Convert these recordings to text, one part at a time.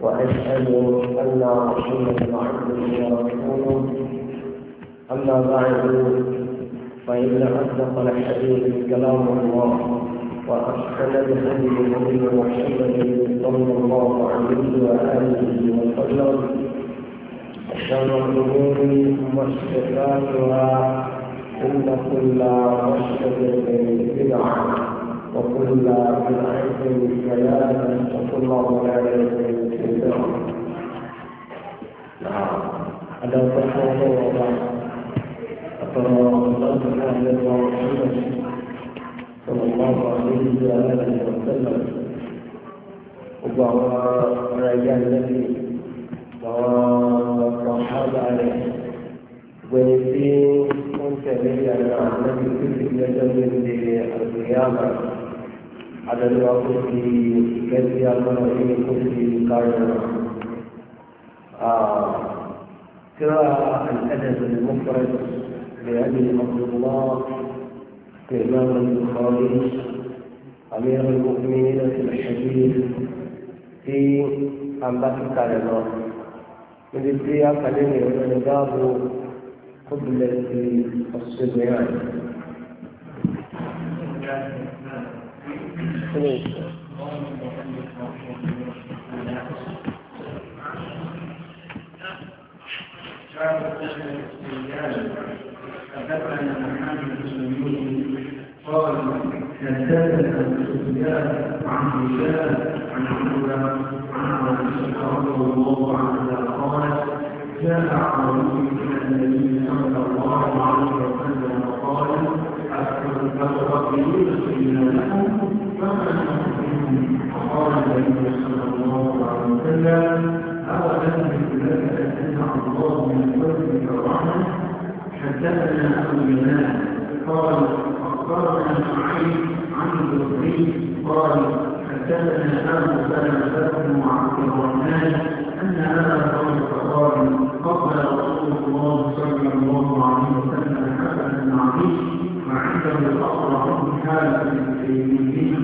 وأشهد أن محمدا الله ورسوله أما بعد فإن أصدق الحديث كلام الله وأحسن الهدي هدي محمد صلى الله عليه وآله وسلم وشر الأمور محدثاتها إن كل محدث بدعة وكل بدعة ضلالة وكل ضلالة في النار نعم هذا صحة وضع أترى الله أهل محمد صلى الله عليه وآله وسلم وبعض رجال النبي وصحاب عليه ويسير من تبعي على النبي في الجنة القيامة عدد العقل في كيفية المنعين الكتب للقارنة قراءة الأدب المفرد لأبي عبد الله إمام البخاري أمير المؤمنين في الحديث في أنباء الكلمة من الدنيا كلمة باب قبلة الصبيان ماشي قال حدثنا ابو سفيان عن هشام عن عمرو عن عائشه رضي الله عنها قالت جاء عربي الى النبي صلى الله عليه وسلم وقال اكثر البشر في لكم فقال النبي صلى الله عليه وسلم أولم لك أن تسمع الله من فضلك الرحمة حدثنا أبو جمال قال أخبرنا شعيب عن الزهري قال حدثنا أبو سلمة بن عبد الرحمن أن أبا هريرة قال قبل رسول الله صلى الله عليه وسلم حسنا عظيما وعنده الأقرب حالة الكيمية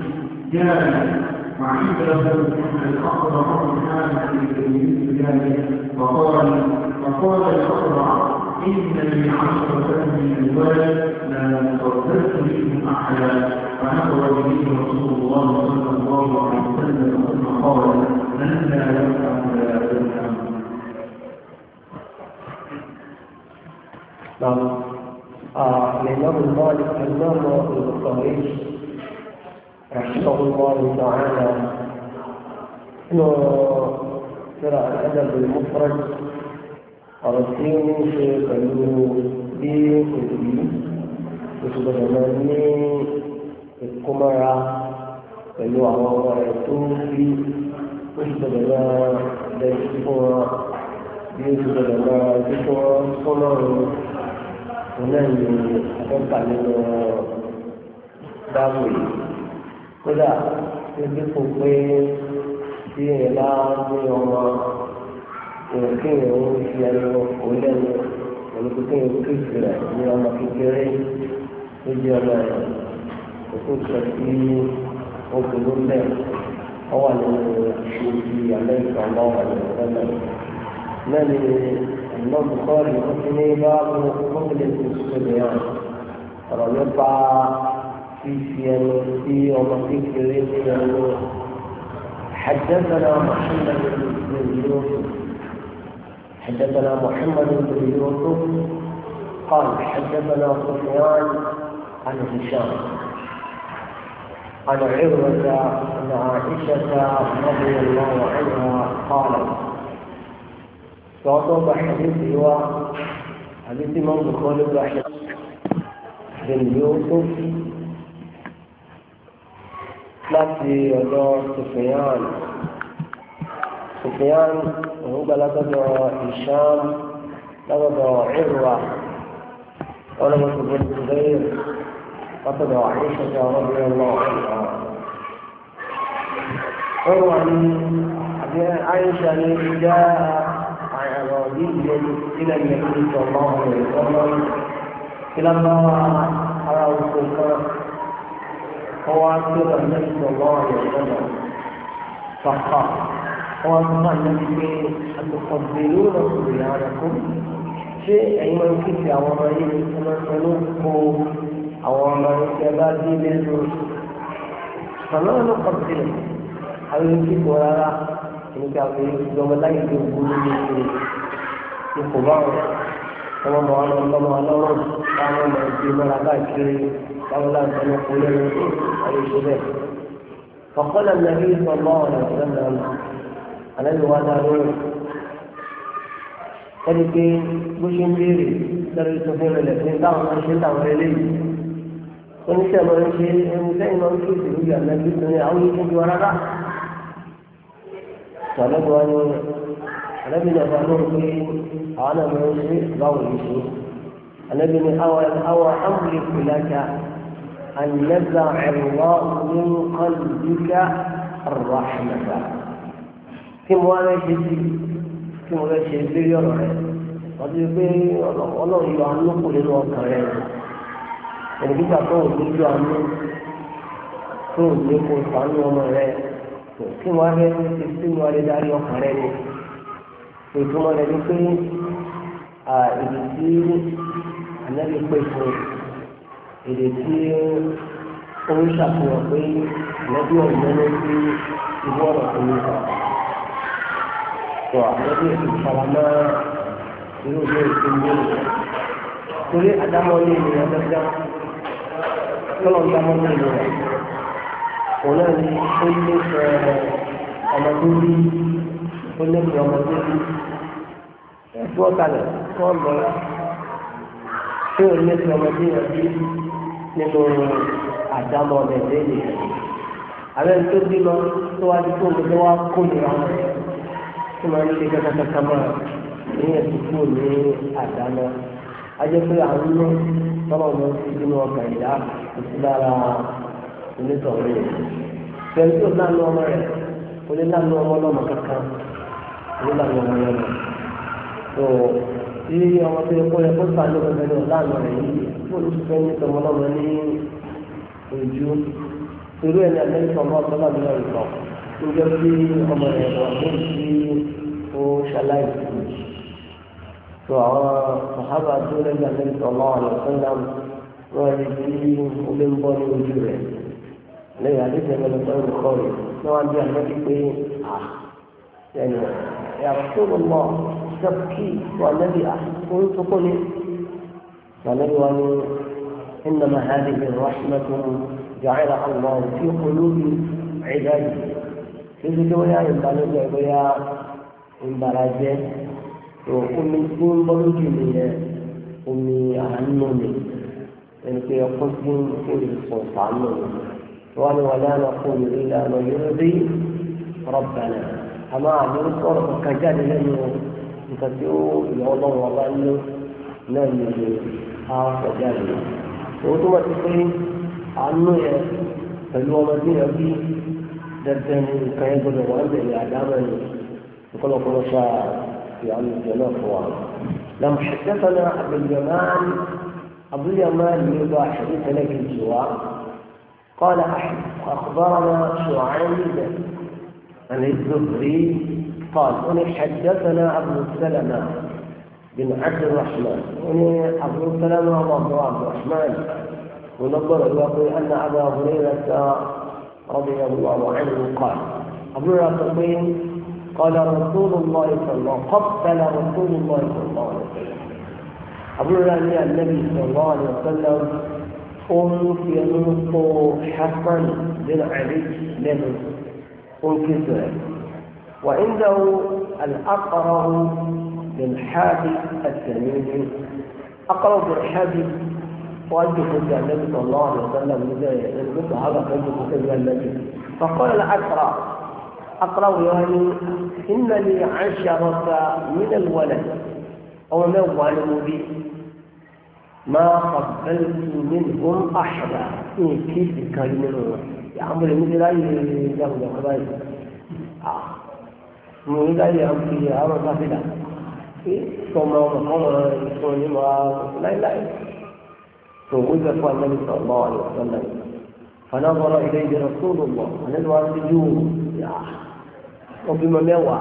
جارية وعنده الأقرب حالة الكيمية جارية وقال وقال الأقرع إنني عشرة من الولد لا ترددت منهم أحدا فنظر به رسول الله صلى الله عليه وسلم ثم قال من لا يفهم لا يفهم نعم. آه، الإمام المالك الإمام البخاري رحمه الله تعالى إنه ترى الأدب المفرد أرسيني في قلوب بي قلبي وسبحانني القمرة قالوا على الله rẹ̀ tó ń fi ó sì gbọdọ̀ máa dẹ́jú fún òun ni àtọ́ka nínú báwo yìí kódà tó dípò pé tí èèyàn bá ní ọmọ èèyàn kéèyàn ń fi ẹnu òun lẹ́nu òun tó kéèyàn kú ìfìlẹ̀ ní ọmọ kékeré tó jẹ́ ọmọ rẹ̀ òkú sọ sí obìnrin bẹ́ẹ̀ ọwọ́ nínú ìṣòwò ti àmẹ́ríkà ọmọ ọ̀rẹ́ rẹ̀ lẹ́nu. الإمام البخاري يقول باب قتل الصبيان ọ̀rọ̀ nípa fífi ẹnu sí ọmọ kékeré ní ẹnu حدثنا محمد بن يوسف حدثنا محمد بن يوسف قال حدثنا سفيان عن هشام عن عروة عن عائشة رضي الله عنها قالت sọ́ọ́tọ́ gba àdéhùn wa àdéhùn máa ń bùkọ́ ló gba àdéhùn yóò tó fi láti ọ̀dọ̀ Sufyan Sufyan òun gba látọ̀dọ̀ Hisham látọ̀dọ̀ Urwa ọlọ́mọ tó gbé tó bẹ́ẹ̀ látọ̀dọ̀ àdéhùn ọ̀rọ̀ bí ọlọ́ọ̀ Urwa ni àbí Aisha ni ìdá. مزيد إلى النبي صلى الله عليه وسلم إلى ما أرى السلطان هو أكثر النبي صلى الله عليه وسلم صحة هو أكثر النبي أن تفضلون صبيانكم شيء أي من كتب أو من يسمى أو من يبادي بالجوش فلا نقبل أو يمكن ولا لا إن كان يجب أن لا يجب ipò báwọn ọmọ mọ àwọn ọmọ ọlọ́rọ̀ táwọn ọmọ ìgbé mọ́ra káàkiri táwọn láǹtọ́ ní kò lẹ́nu ayé tó bẹ́ẹ̀. فقال النبي صلى الله عليه وسلم على الوالد ẹni pé bó ṣe ń béèrè lọ́rọ̀ ìtòfin rẹ̀ lẹ́sìn táwọn máa ń ṣe táwọn eléyìí oníṣẹ́ lọ ń ṣe ẹni sẹ́yìn lọ ń ṣe ìṣèlú ìyàmẹ́bí tó ní àwọn ìṣèjú ara rà. tọ́lọ́gbọ́n ni ànábì ní ẹ̀fọ́ lóhùn pé àwọn náà mọ̀ ṣe báwo yìí ṣe ànábì ní àwọn amúlẹ̀ kùlákà ànyẹ́gbà ẹ̀rọ ní kọ́lùdíkà ọ̀rọ̀ àmàgbà tí mo wá rẹ̀ ṣe sí tí mo rẹ̀ ṣe lérí ọ̀rọ̀ rẹ̀ wọ́n ti pé ọlọ́run yọ àánú nínú ọkàn rẹ̀ ẹ̀ẹ́dẹ́gbà tó ń lójú àánú tó ń lé kó ọmọ rẹ̀ kí wọ́n rẹ̀ ṣe sí wọn rẹ̀ dárí ọkàn rẹ̀ ni ìtumọ̀ rẹ̀ ni pé èdè tí ànábì pè fún èdè tí ó ń ṣàfihàn pé ànábì ọ̀nà ló fi ìlú ọ̀rọ̀ tó ń sọ. Sọ ànábì ìfaramọ́ irú ilé ìsinmi rẹ̀. Torí àdámọ́ ní ènìyàn dáadáa tọ́lọ̀ ń dámọ́ ní ènìyàn. Òun náà ni ó ní ọmọ tó bí ó lé ní ọmọ tó kú ẹ̀dú ọ̀kalẹ̀ kọ́ lọ tí ò lé ní ọmọ tó yẹ kí nínú àdámọ̀ ọ̀dẹ̀ lẹ́yìn àbẹ́ tó bí lọ tó wá di tó ń gbé wá kó nira wọn tó máa ń ṣe kankan mọ́ ní ẹ̀sùn kúrò ní àdámọ̀ ajẹ́ pé àwọn ló tọ́lọ̀ lọ sí inú ọkà ìyá òsì lára onítọ̀ọ́rẹ́ yẹn pẹ̀lú tó lánàá ọmọ rẹ̀ onílànà ọmọ ọlọ́mọ kankan òun làwọn ọmọ yẹn lọ tó tí ọmọ tó yẹ kó yẹ kó sàánú ọmọ yẹn lọ láàánú rẹ yìí tó ló ti fẹ́ ní tọmọlọmọ ní ojú torí ẹni àtẹ́lẹ́sọ̀ ọmọ ọ̀sọ́lá mi náà lọ tó jẹ́ kí ọmọ yẹn lọ tó ti ó ṣaláìsí tó àwọn sàhábà tó lẹ́yìn àtẹ́lẹ́sọ̀ ọmọ ọ̀sọ́lá wọn ẹni tí ó ń bọ́ ní ojú rẹ̀ lẹ́yìn àdéhùn ẹ̀mẹ́lẹ́sọ̀ ọ̀rọ̀ kọ́ọ̀rọ̀ wọ́n á bí àtẹ́lẹ́sọ̀ يعني يا رسول الله تبكي والذي احبك قلت تقول إيه؟ فنروى إنما هذه الرحمة جعلها الله في قلوب عباده في الدنيا يبقى نزعبها من براجة وقم من مرجي من أمي أعلمني إن في قصد كل صوت عمني وأنا ولا نقول إلا من يرضي ربنا àmọ́ àwọn sọ̀rọ̀ kankan jáde lẹ́nu nǹkan tí ó yọ ọlọ́run ọba ní náà ní ìlú àwọn jáde òun tó wà ti pé àánú yẹn pẹ̀lú ọmọdé yẹn bí dandan ní nǹkan yẹn gbọdọ̀ wà ń bẹ̀rẹ̀ àdámọ́ ni ọ̀pọ̀lọpọ̀ ṣáà في عن الجماعة فوعد لم حدثنا أبو اليمان أبو اليمان يضع حديث لك الجوار قال أحد أخبرنا شعيب عن الزهري قال أني حدثنا عبد السلمة بن عبد الرحمن أني عبد السلمة وهو عبد الرحمن ونظر الى أن أبا هريرة رضي الله عنه قال أبو هريرة قال رسول الله صلى الله عليه وسلم قبل رسول الله صلى الله عليه وسلم أبو هريرة النبي صلى الله عليه وسلم أنف ينص حسن بن علي لمن انكسر وعنده الأقرب بالحادي التميمي أقرب بالحادي وأجه النبي صلى الله عليه وسلم يقول يعني هذا كنت كتب النبي فقال الأقرأ أقرأ يعني إن لي عشرة من الولد أو من مبين ما قبلت منهم أحدا إن إيه، كيف كان منهم àwọn èmi ti láyé ìjàkùjà kọ́ báyìí mo ní láyé àwọn ti àwọn ọba fìlà sọmọ ọmọ ọmọ ìfún ní ma láéláé tó wọ́n fẹ́ fún amẹ́lí sọ̀rọ̀ bá wà ní ọ̀sán náà fana bọ́lá ilé ìjọba tó lò mọ̀ àlẹ́ ni wọ́n ti ju ọbí mọ mẹ́wàá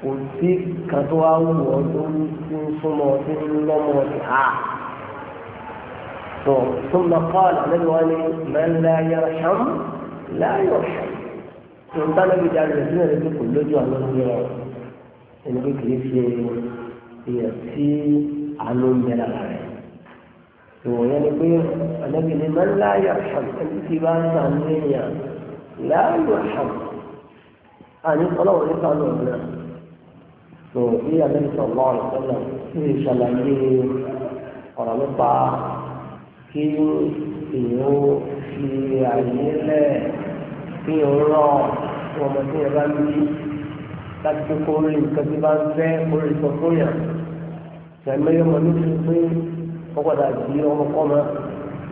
kò sí kàtó àwọn ọmọ tó ń súnmọ́ tó ń lọ́mọ́ ti hà. ثم قال النبي من لا يرحم لا يرحم ثم قال النبي جعل الذين لم يكن لجوا لهم يرحم إن ذكر يأتي عنهم من العالم يعني النبي من لا يرحم الاتباع عن لا يرحم أن يطلعوا يفعلوا أبناء فهي النبي صلى الله عليه وسلم في شلالين ورمطة kí èèyàn fi àyè lẹ̀ kí èèyàn rọ̀ ọmọ tí yẹn bá ń bí láti tó kó rí nǹkan tí bá ń fẹ́ kó rí sọ fún yàn. Ìṣẹ̀lẹ̀ ọmọ ló fi pé ó padà di ọmọkọ́mọ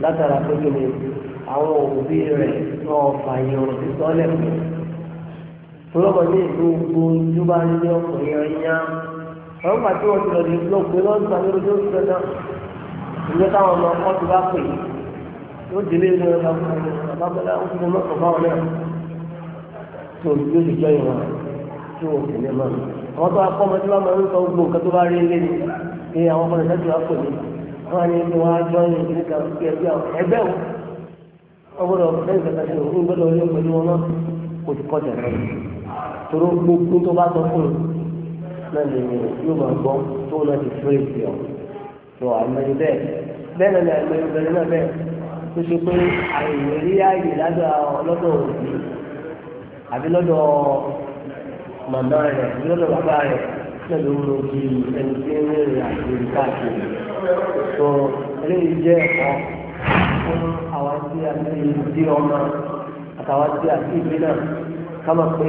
látara pé kí ni àwọn òbí rẹ̀ náà fààyàn òbí sọ́lẹ̀ fún un. Tọ́lọ́mọ ní ìlú gbogbo tó bá ń lé ọkùnrin yẹn yá. Àwọn pàtó wọn ti lọ sí ìlú òpin lọ́sàn-án lójú ìṣẹ̀dá ìwé táwọn ọmọ ọkọ ti bá pè é ó délé ní ọba bàbá ó ti mọ ọkọ báwọn náà tó o yóò lè jọ ìwọn tí o sì lè mọ àwọn tó akọ ọmọ tí wọn máa ń sọ gbogbo nǹkan tó bá rí lé ní pé àwọn ọmọ ìdájọ wa pè mí wọn á ní kí wọn á jọ ìyẹn kí nìkan fi ẹgbẹ́ àwọn ẹgbẹ́ o wọn gbọ́dọ̀ fẹẹ ìgbàgbọ́ sí òun gbọ́dọ̀ yọ pẹ̀lú wọn náà kò ti kọjá rẹ toro gbogbo tó bá sọ fún un náà lè yóò máa gbọ́ tó náà ti fẹẹ fi ọ tó àmọ́yé bẹ́ẹ̀ bẹ́ẹ̀ náà àmọ́yé bẹ́ẹ̀ náà bẹ́ẹ̀ tó ṣe pé àìwé rí ààyè lọ́dọ̀ lọ́dọ̀ òbí àbí lọ́dọ̀ màmá rẹ̀ àbí lọ́dọ̀ bàbá rẹ̀ pẹ̀lú orí ẹni tí ń rìn àti káàkiri tó eléyìí jẹ́ ẹ̀kọ́ fún àwọn tí a ti di ọmọ àtàwọn tí a ti gbé náà kámọ̀ pé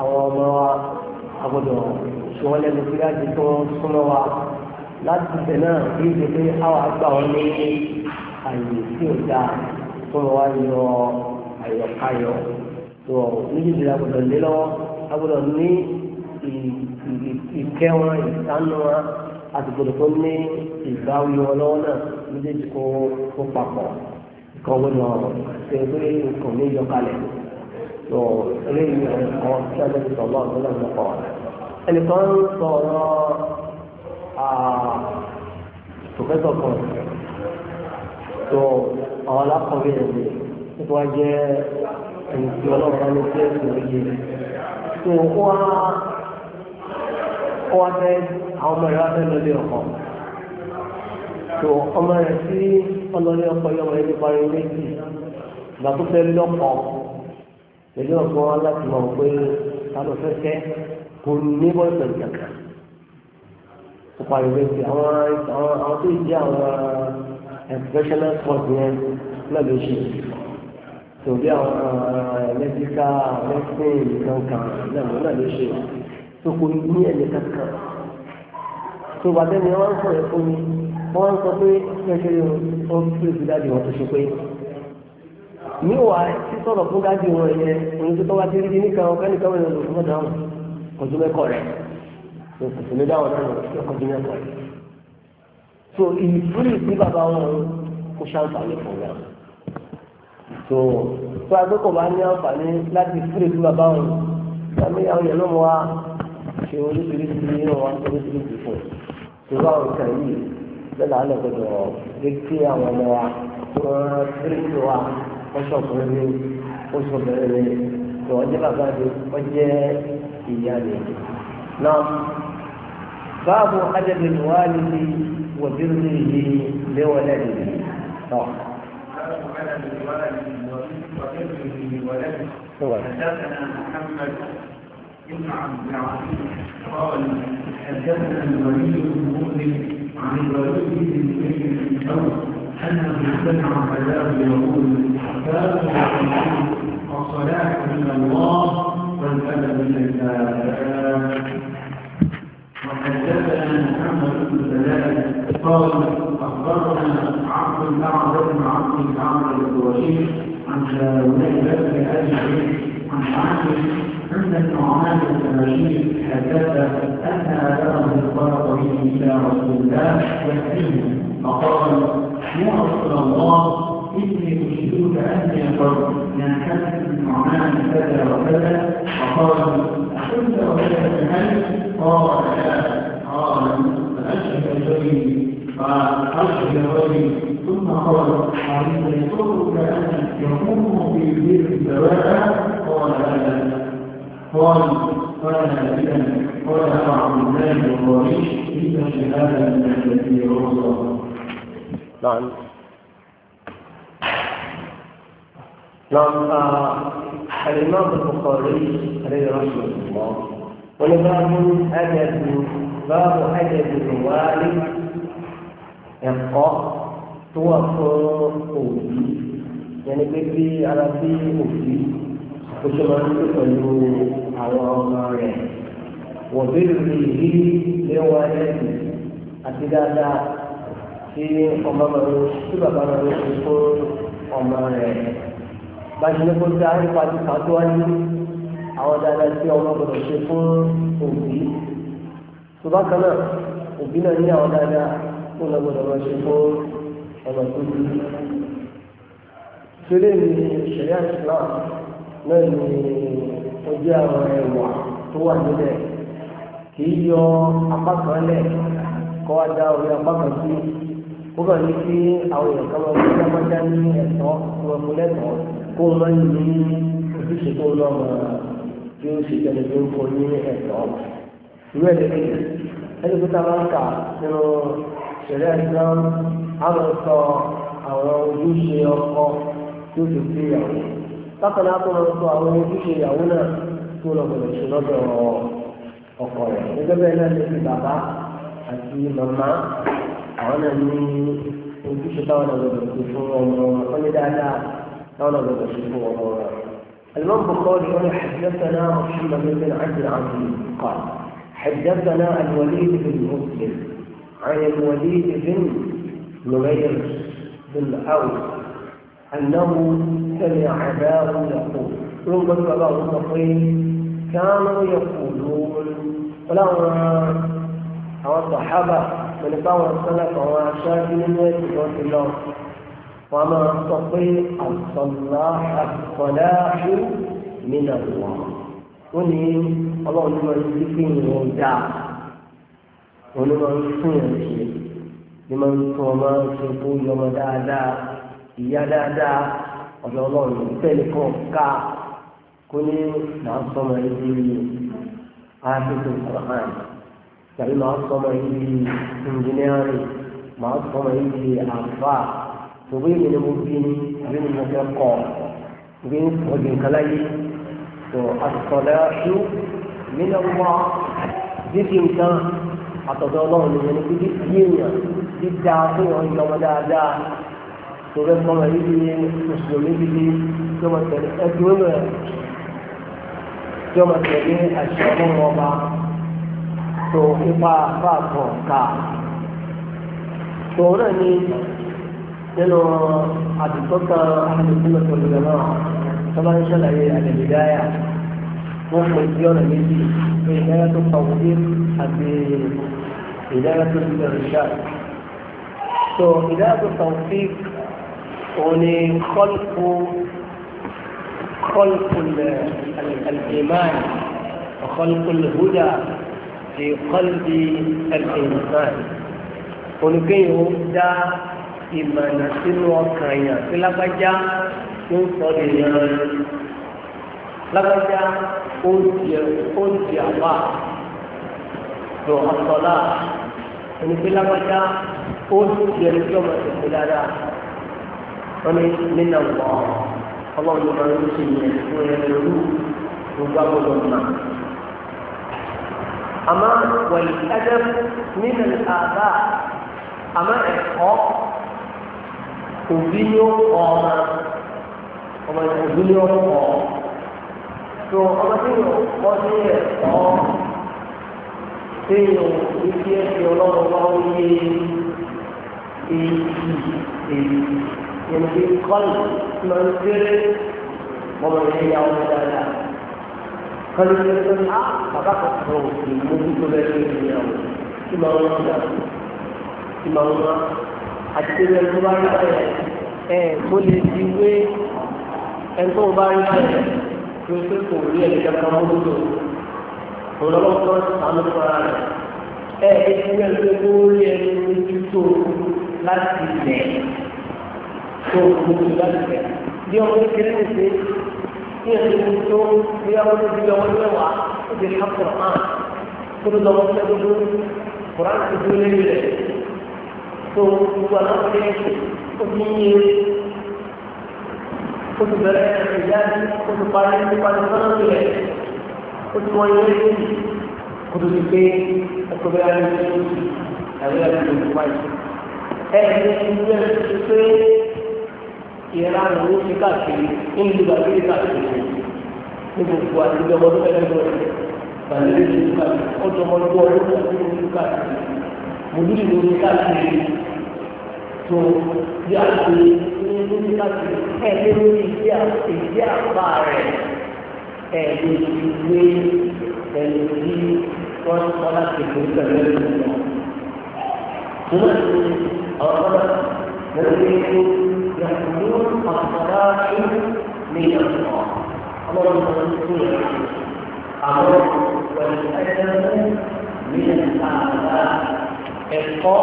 àwọn ọmọ wa agbọ́dọ̀ ṣùgbọ́n lẹ́nu tí a ti tó súnmọ́ wa láti tẹ̀ náà kí ṣe pé àwọn àgbà wọn ní àyè tí ò dáa tó wọn wá yọ àyọkáyọ tó níbi ìdílé agbọ́dọ̀ lé lọ́wọ́ agbọ́dọ̀ ní ìkẹ́ wọn ìsánú wọn àti gbọ́dọ̀ tó ní ìgbáwí wọn lọ́wọ́ náà méjèèjì kó kó papọ̀ ìkọ gbọ́dọ̀ ṣe pé nǹkan ní yọkalẹ̀ tó eléyìí ọ̀rọ̀ tí a bẹ ti sọ lọ́wọ́ tó lọ́wọ́ ẹnìkan sọ̀rọ̀. Ah, pòfẹ́sọ̀ kan tó àwọn alákọ̀wé ẹ̀ lè nípa wá jẹ́ ẹni tí ọlọ́run bá ní sí ẹ̀sìn òye tó wá ó wá fẹ́ àwọn ọmọ rẹ̀ wá fẹ́ lọlé ọkọ̀ tó ọmọ rẹ̀ sí ọlọ́lé ọkọ̀ yọmọ rẹ̀ nípa rẹ̀ méjì ìgbà tó fẹ́ lọ́kọ̀ pẹ̀lú ọ̀gbọ́n láti mọ̀ pé ta ló fẹ́ fẹ́ kò ní bọ́ ìgbà ìgbà pupa rẹ̀ lẹ́sìn àwọn àwọn tó jẹ́ àwọn expressional eh, sport yẹn náà ṣe tòbí àwọn mẹ́tíkà eh, mẹ́sìn nǹkan kan náà ṣe tó kò ní ẹ̀mí tó bá tẹ́lẹ̀ wọ́n ń sọ ẹ̀ fún mi wọ́n ń sọ pé kẹ́kẹ́rẹ́ wọn tó ti dájú wọn tó ṣe pé níwà sísọ̀rọ̀ fún dájú wọn yẹn òun tó tọ́wá ti rí nìkan ọ̀kẹ́ nìkan wọn lò fún mọ́tò àwọn kò rẹ̀ kò ní dáwọn náà lọ kọjú mẹ́kọ̀ọ́ yìí so ìfúri sí bàbá wọn kò ṣàǹfààní fún wọn so tó agbẹ́kọ̀ọ́ bá ní àǹfààní láti fúri sí bàbá wọn ìyàmú ìyàwó yẹn ló mọ wa ṣe oríṣiríṣi nínú wa oríṣiríṣi fún tó bá wọn kàn yìí lọ́la alẹ́ gbọdọ̀ létí àwọn ọmọ wa tó rán fúri sí wa ọṣọkùnrin ní oṣù bẹ̀rẹ̀ ní ọjọ́ bàbá mi ọjọ́ ìyá mi. نعم باب أدب الوالد وبره لولده نعم باب أدب الوالد وبره لولده حدثنا محمد بن عبد العزيز قال حدثنا الوليد بن مؤمن عن الوليد بن زيد بن أنه سمع بلاه يقول كانوا الصلاة من الله قال أخبرنا عبد الأعظم بن عبد الأعظم الدواشي عن هؤلاء بن أبي عن عامر أن النعمان الثلاثين حدث أن أباه انطلق به إلى رسول الله يهديه فقال يا رسول الله إني أشهدك أني قد نهكت معناه كذا وكذا فقال أحسنت وكذا هل قال لا قال فأشهد الرجل فأشهد الرجل ثم قال أريد يسرك أن يقوم في البر سواء قال لا قال قال إذا قال عبد الله الرئيس إن شهادة التي رضى نعم نعم الإمام البخاري عليه رحمة الله ولباب أدب باب أدب الوالد ẹ̀kọ́ tó wà fún òbí yẹn ni pé bí ara bí òbí kò ṣe máa ń tó pẹ̀lú àwọn ọmọ rẹ̀ wọ́n bí lórí ìrí léwọ́ ẹ̀dùn àti dáadáa tí ọmọ bàbá rẹ̀ fún ọmọ rẹ̀ bájúlẹ̀ kó tẹ àríwá ti kà tó àwọn dáadáa tí ọmọ gbọdọ̀ ṣe fún òbí tó bá kan náà òbí náà ní àwọn dáadáa tó lọ gbọdọ̀ ṣe fún ọmọ tó bí. ṣeré ni ṣẹ̀ríà Islam náà ni ó àwọn ẹ̀wà tó wà nílẹ̀ kì í yọ apá kan lẹ̀ kọ́ wá dá orí apá kan sí kó bá ní kí àwọn èèyàn kan máa ń gbé lápá dání ẹ̀tọ́ tó ẹ̀kú lẹ́tọ̀ọ́ kó máa ń ní ojúṣe tó lọ́ mọ́ bí ó ṣe tẹ̀lé tó ń fọ ní ẹ̀tọ́ ìlú ẹ̀dẹ́gbẹ́ ẹni tó táwọn kà nínú ṣẹlẹ̀ islam àwọn sọ àwọn ojúṣe ọkọ tí ti fi ìyàwó bákan náà tó máa sọ àwọn ojúṣe ìyàwó náà tó lọ gbọ́dọ̀ ṣe lọ́dọ̀ ọkọ rẹ̀ gẹ́gẹ́ bẹ́ẹ̀ náà lè fi bàbá àti màmá àwọn náà ní ojúṣe táwọn náà gbọ́dọ̀ أنا بقول الإمام البخاري يقول حدثنا محمد بن عبد العزيز قال حدثنا الوليد بن مسلم عن الوليد بن نمير بن أوس أنه سمع عذاب يقول ربما بلغ المصريين كانوا يقولون فلما أو الصحابة من بعض السلف أو عشاك من وجه الله wọn máa sọ pé àsọlá àsọláhù nínú ìwà ó ní ọlọ́run ní wọn ti fi ìrìn dá òun ní wọn fún ìrìn ṣe ní wọn tún ọmọ ṣe kó yọmọ dáadáa ìyá dáadáa ọ̀dọ̀ ọlọ́run ìfẹ́ nìkan ká kó ní màá sọmọ ẹni bí ààfin kọ̀ọ̀kan tàbí màá sọmọ ẹni bí ìnjìnírìn màá sọmọ ẹni bí àǹfà tòbí yìí ni mo bí ní àbí ni mo fẹ́ kọ́ bí ọdún kala yìí tó àtọ̀lẹ́ ṣú nínú wa dídì nǹkan àtọ̀dọ̀ ọlọ́run nìyẹn ní kíkí bí èèyàn dídá tó yàn yọ ọmọ dáadáa tó fẹ́ kọ́ ọmọ yìí ní mùsùlùmí bíbí tó mọ̀ tẹ̀lé ẹ̀dùn rẹ̀ tó mọ̀ tẹ̀lé àṣẹ ọmọ ọba tó ipa bá kọ̀ọ̀ka tòun náà ni. لأنه عبد أحد السنة والجماعة طبعا إن شاء الله على البداية وهو الزيارة ميسي بداية التوظيف حد بداية الإرشاد سو بداية التوظيف هون خلق خلق الإيمان وخلق الهدى في قلب الإنسان ونكيه ده ìmọ̀nà sínú ọkàn èèyàn pé lágbájá ló ń sọ lè yan lágbájá ó di ó di àbá lọ àtọ́lá ẹni pé lágbájá ó di ẹni tí ọmọ ti pè dáadáa wọ́n ní nínà wọ́ ọlọ́run ló máa ń ṣe yẹn fún ẹni olú gbogbo agbọ́dọ̀ náà. àmọ́ wọ̀nyí ẹgbẹ́ nínú àbá àmọ́ ẹ̀kọ́ òbí ni kọ ọmọ ọmọ òbí ni kọ tó ọmọ tí yóò kọ́ sí ẹ̀kọ́ tí yóò fi fi ẹsẹ̀ ọlọ́run lọ́wọ́ yé èyí èyí yẹn ti kọ́lù lọ sí kéré ọmọ yẹn yà wọ́n dáadáa kọ́lù yẹn tó ní á ah, bàbá kan sọ̀rọ̀ òsì mójútó lẹ́yìn ìyàwó tí màá ń wá tí màá ń wá àti pé ẹni tó bá rí bẹ́ẹ̀ ẹ kó lè fi wé ẹni tó bá rí bẹ́ẹ̀ tó pé kò rí ẹni kankan mú lò òun lọ́wọ́ tó ń sàánú fún ara rẹ̀ ẹ ẹ ti rí ẹni tó rí ẹni lójú tó láti lẹ̀ tó lójú láti lẹ̀ bí ọmọ kékeré ṣe bí ẹni tó bí ọmọ tó bí ọmọ mẹ́wàá ó ti ṣàkóso hàn kó ló lọ́wọ́ fẹ́ gbogbo kùrán ti dúró lórí tó gbogbo àlọ́kọ̀dé ẹ̀ṣẹ̀ ó ti ń yé ó ti bẹ̀rẹ̀ ẹ̀ṣẹ̀ jáde ó ti parí ó ti parí sọ́nà sílẹ̀ ó ti wọ́n yé lórí kó tó ti pé ẹ̀kọ́ bẹ́ẹ̀ á lè ṣe ẹ̀rọ ẹ̀rọ ìlú wáyé ẹ̀ ẹ̀ ní ìlú ẹ̀ ti pé ìyẹn àwọn owó ti káàkiri nínú ìlú àgbèrè káàkiri ní gbogbo àtijọ́ ọmọdún mẹ́lẹ́dọ́ bàlẹ́ ìlú káàkiri ọjọ́ ọmọdún ọdún mẹ́lẹ́dọ́ káàkiri mòdúrì ló ń káàkiri tó bí a ṣe ní lórí láti ẹ̀ lé lórí ìdí àti ìdí àpá rẹ̀ ẹ̀ lè fi wé ẹ̀lú tí wọ́n kọ́ láti fi pẹ̀lú ẹ̀lú lọ. Mo máa ń ṣe ọ̀rọ̀ náà lórí ètò ìyàtọ̀ àkàrà ṣe ní ìyàtọ̀ ọlọ́run máa ń tó yẹ àwọn pẹ̀lú ẹ̀lú ní ìyàtọ̀ àkàrà ẹ̀kọ́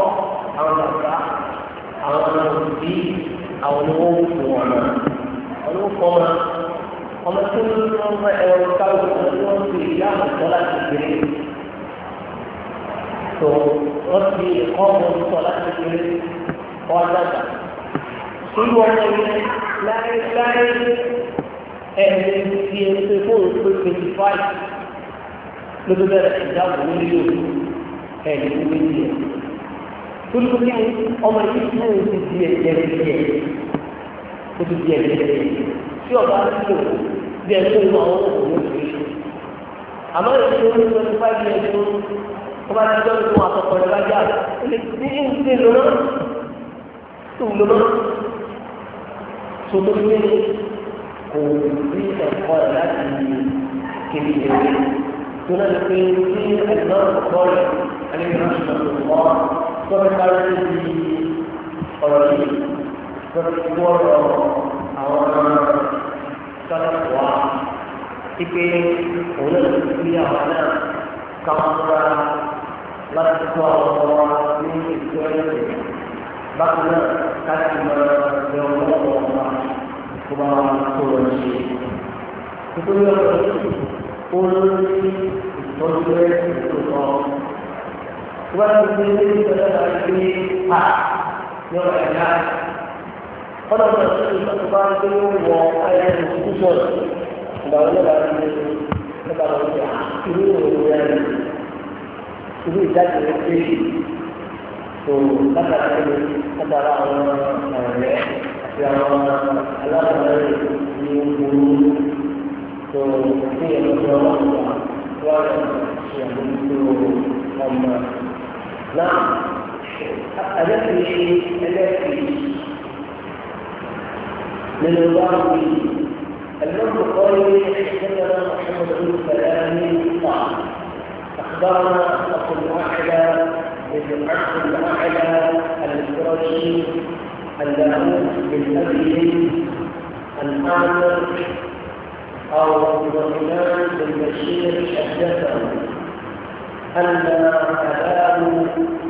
àwọn àgbà. àwọn ọmọ òbí àwọn olówó fún ọmọ olówó fún ọmọ ọmọ tó ní ọmọ ẹ̀rọ káwọn ọmọ tí wọ́n fi ìyá àmọ̀tọ́ láti gbé tó wọ́n fi ẹ̀kọ́ ọmọ sọ láti gbé wọ́n dàgbà olú ọmọ yẹn láéláé ẹ̀ẹ́dẹ́ ti ẹ̀ ṣe fóònù pé twenty five ló tó bẹ̀rẹ̀ ìdáàbò lórí òkú ẹ̀ẹ́dẹ́ tó to torí pé kí ọmọ yìí náà ti di ẹ̀jẹ̀ ẹ̀jẹ̀ ó ti di ẹ̀jẹ̀ ẹ̀jẹ̀ tí ọba lò bí ẹ̀jẹ̀ ń lọ àwọn òun ti rí àmọ́ ìṣòro ní twenty five years tó tó bá ti jọ́ ìfún àkọ́kọ́ عليه رحمه الله ìtọ́jú ẹ̀sìn tó kọ́ wọ́n ti fi ní ìgbésẹ̀ náà fi hà ní ọ̀rọ̀ ẹ̀yà. ọ̀nà ọ̀nà tó ti sọ́kù bá ń gbé wọ ayé ìfúsọ̀n ìgbà wọn lọ́ba ti lè lọ́ba lọ́ba ti hà irú ìròyìn rẹ̀ ni irú ìdájọ́ rẹ̀ pé tó látara ẹni látara àwọn ọ̀rẹ́ àti àwọn alábàárẹ̀ ní ìlú tó ní ìyẹn lọ́wọ́ wọn lọ́wọ́ ṣe àmójútó ọmọ. نعم ألف شيء ألف من الله الإمام البخاري حدثنا محمد بن سلام أخبرنا أبو الأعلى من عبد الأعلى المسرجي أن داوود بن أو رمضان بن بشير أن أداه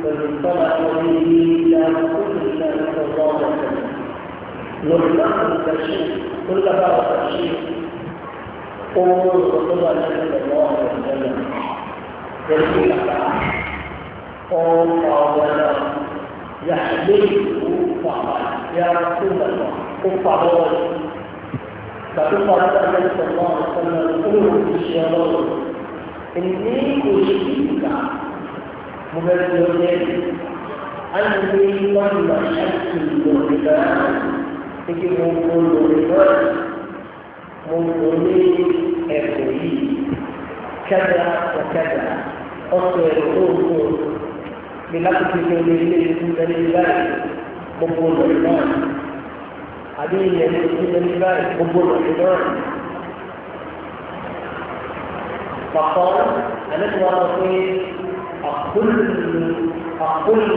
فبالطلع به إلى كل الله صلى الله عليه وسلم نلقى التشريف كل بعض التشريف أمور رسول الله صلى الله عليه وسلم يقول قوم قاولا يحمله فعلا يا رسول الله ارفع بوجهك فتقرأ النبي صلى الله عليه وسلم أمور في èmi kò lè fi ìgbà mo fẹ́ fi ọjọ́ ẹ̀dì alùpùpù yìí wọ́n ti máa ṣàkóso ìlú ìgbà kékeré mo kó lò ní bọ́ọ̀lù mo kò ní ẹ̀kọ́ yìí kẹ́dà ọ̀kẹ́dà ọ̀sẹ̀ òògùn mi láti fi ṣe olè ilé ìlú ìlú báyìí mo kó lò ní bọ́ọ̀lù àbí ilẹ̀ ìlú ìlú báyìí mo kó lò ní bọ́ọ̀lù. فقال أنا ورثي أقل أقل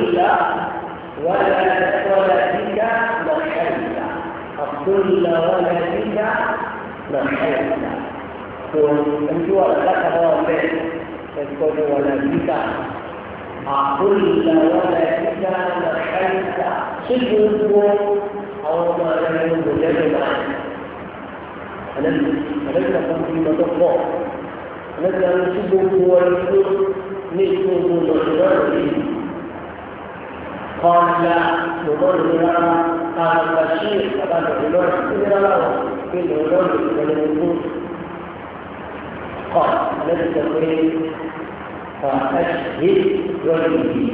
ولا ولدك مرحلة أقل ولدك مرحلة وأنت ولدك ضابط تقول أقل ولدك مرحلة سجنه أو ما لم يجد أنا أنا أقول nígbà tí gbogbo wọn tó ní ìṣòro lọ́dọ̀ yìí kọ́ńdà lọ́dọ̀ yìí rárá àgbà ṣe àbájọ lọ́dọ̀ yìí rárá wọn pé lọ́dọ̀ yìí rárá wọn kọ́ lẹ́yìn tó pé kọ́ ẹ̀ṣẹ̀ lọ́dọ̀ yìí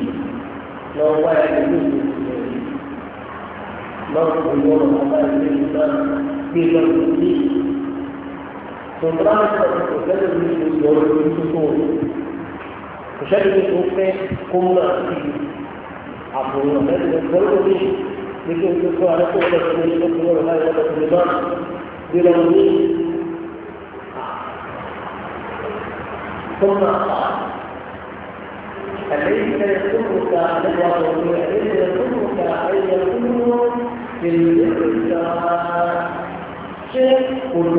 lọ́wọ́ ẹ̀ lórí ìṣòro lọ́dọ̀ yìí wọ́n bá ẹ̀ lórí ìṣòro bí lọ́dọ̀ yìí. tòmùlára tó ti kò fẹ́ lórí oṣù ọ̀rọ̀ ìlú tuntun òní kò sẹ́ni ní kò fẹ́ kó mú náà sí àbòrò ọ̀rẹ́dì lọ́wọ́ tó ní ní kí n tó kọ́ àrẹ́kọ̀ ọ̀rẹ́ tó ní tó kọ́ ọ̀rẹ́ láyé ọ̀rẹ́ tó ní náà bí lọ ní ثم أليس يسرك أن يقول أليس يسرك أن يكون في الإسلام شيء كل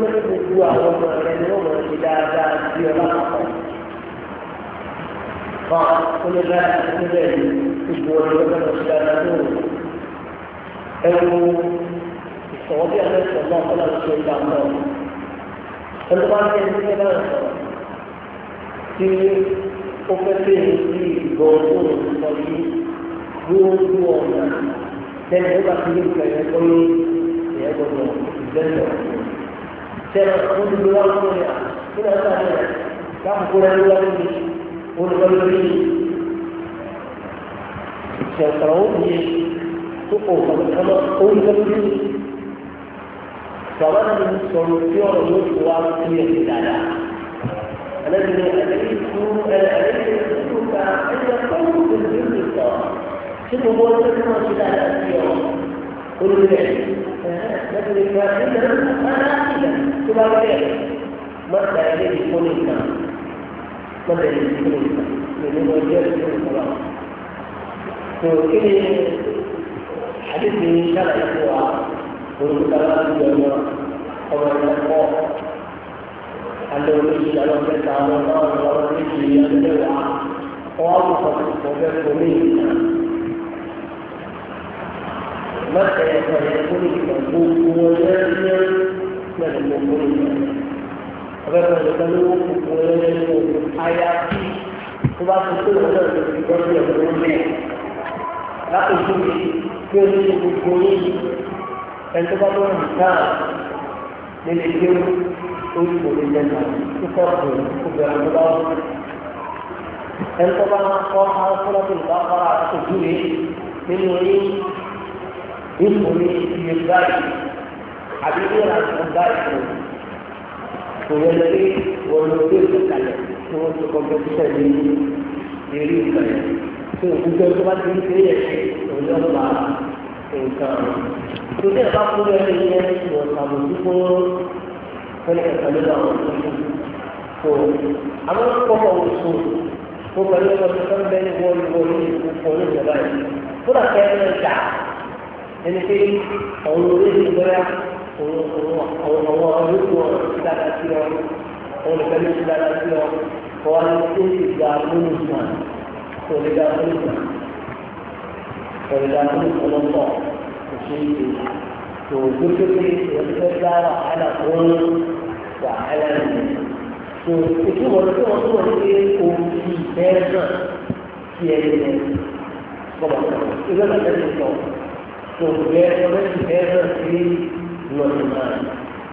ló ní gbogbo àwọn ọmọ rẹ ni wọ́n máa ṣe dáadáa bí ọlá àpọ̀. Fọ́n olóògbé àtúntẹ̀ yìí gbogbo ọdún ló fẹ́ lọ sí dáadáa tó wù. Ẹ wo ìsọ̀wọ́ bí ẹgbẹ́ sọ̀rọ̀ náà kọ́lá ló ṣe ìgbà náà. Ẹnu bá ní ẹni tí náà sọ̀rọ̀ tí ó fẹ́ bèèrè sí ìgbọ̀ ọdún ìsọ̀ yìí gbogbo ọ̀nà lẹ́yìn tó bá ti ní ìgbà yẹn kọ́ ní ìyẹn gbọ́dọ̀ ìgbẹ́sẹ̀ ọ̀dọ́ tẹ̀lé wọ́n ti gbé wọn fún mi à kí ni ọ̀sán yẹn lákòókò rẹ̀ ló wọ́n mi olùkọ́ lórí ìṣẹ̀sọ̀rọ̀ ó yẹ tó kọ̀ fún ọmọ olùkọ́ lórí bàbá náà ń sọ̀rọ̀ tí ọ̀rọ̀ yóò fi wá sí ẹ̀mí dáadáa. Àlejò ni àlejò fún ẹ àlejò ìdúró ka ẹ̀yà fáwọn òṣèlú tí gbogbo ọjọ́ tí wọ́n ti dáadáa sí ọ لكن الباقين أنا كده تبقى كده مدى إليه يكون إنسان مدى إليه يكون إنسان لأنه يجب يكون الصلاة فكده حديث من شرع الأخوة والمتابعة الجميع طبعا الأخوة عنده يجب أن يكون على الله ورسوله يدعى وعلى الله وبيكون إنسان maka yang saya kulit mempunyai dan mempunyai apa yang saya lalu mempunyai ayat sebab itu ada berfikir yang berumur lalu juga kulit mempunyai dan sebab itu bisa memiliki kulit mempunyai kita pun sudah tahu dan sebab Allah Al-Quran Al-Baqarah Al-Juri menurut ipò ní iye báyìí àbí ní ìlànà báyìí kò yẹ lọ pé wọn lọ bí èso kalẹ̀ tí wọ́n ti kọ́ bẹ́tẹ́ ní eré ìkàlẹ̀ tí òkú jẹ́ tó bá ti ní kéré ẹ̀ṣẹ̀ òní ọ̀pá nǹkan tó ní ẹ̀ka kúrò ẹni yẹn wọ̀ sàbòsí fún fẹ́lẹ́ ẹ̀ka lọ́dọ̀ àwọn ọ̀ṣun tó àwọn kọ́kọ́ oṣù tó pẹ̀lú ọ̀ṣun tó ń bẹ́ ní wọ́ọ̀lù wọ́ọ̀lù ìkókò ní ìjọba yìí tó dà kẹ́rin ẹ̀ka ẹni pé àwọn olóyè ti bẹ́rẹ̀ àwọn ọmọ olóko ọ̀rọ̀ ti dára sí ọ àwọn olùkẹ́lẹ́ ti dára sí ọ ọwọ́ ni ó sì gba múlùmọ̀ kò lè gba múlùmọ̀ kò lè gba múlùmọ̀ lọ́pọ̀ kò sí ìlú kò gbókè pé ìrẹsẹ̀ dá wàhálà fún wàhálà nìyẹn tó ìtumọ̀ tí wọ́n túmọ̀ ní pé òun ti bẹ́ẹ̀ náà kí ẹni lẹ́yìn kọ́mọ̀tò ìrẹsẹ̀ lẹ́yìn náà tó bẹ́ẹ̀ ọlọ́sìn bẹ́ẹ̀ náà sí lọ́nà náà.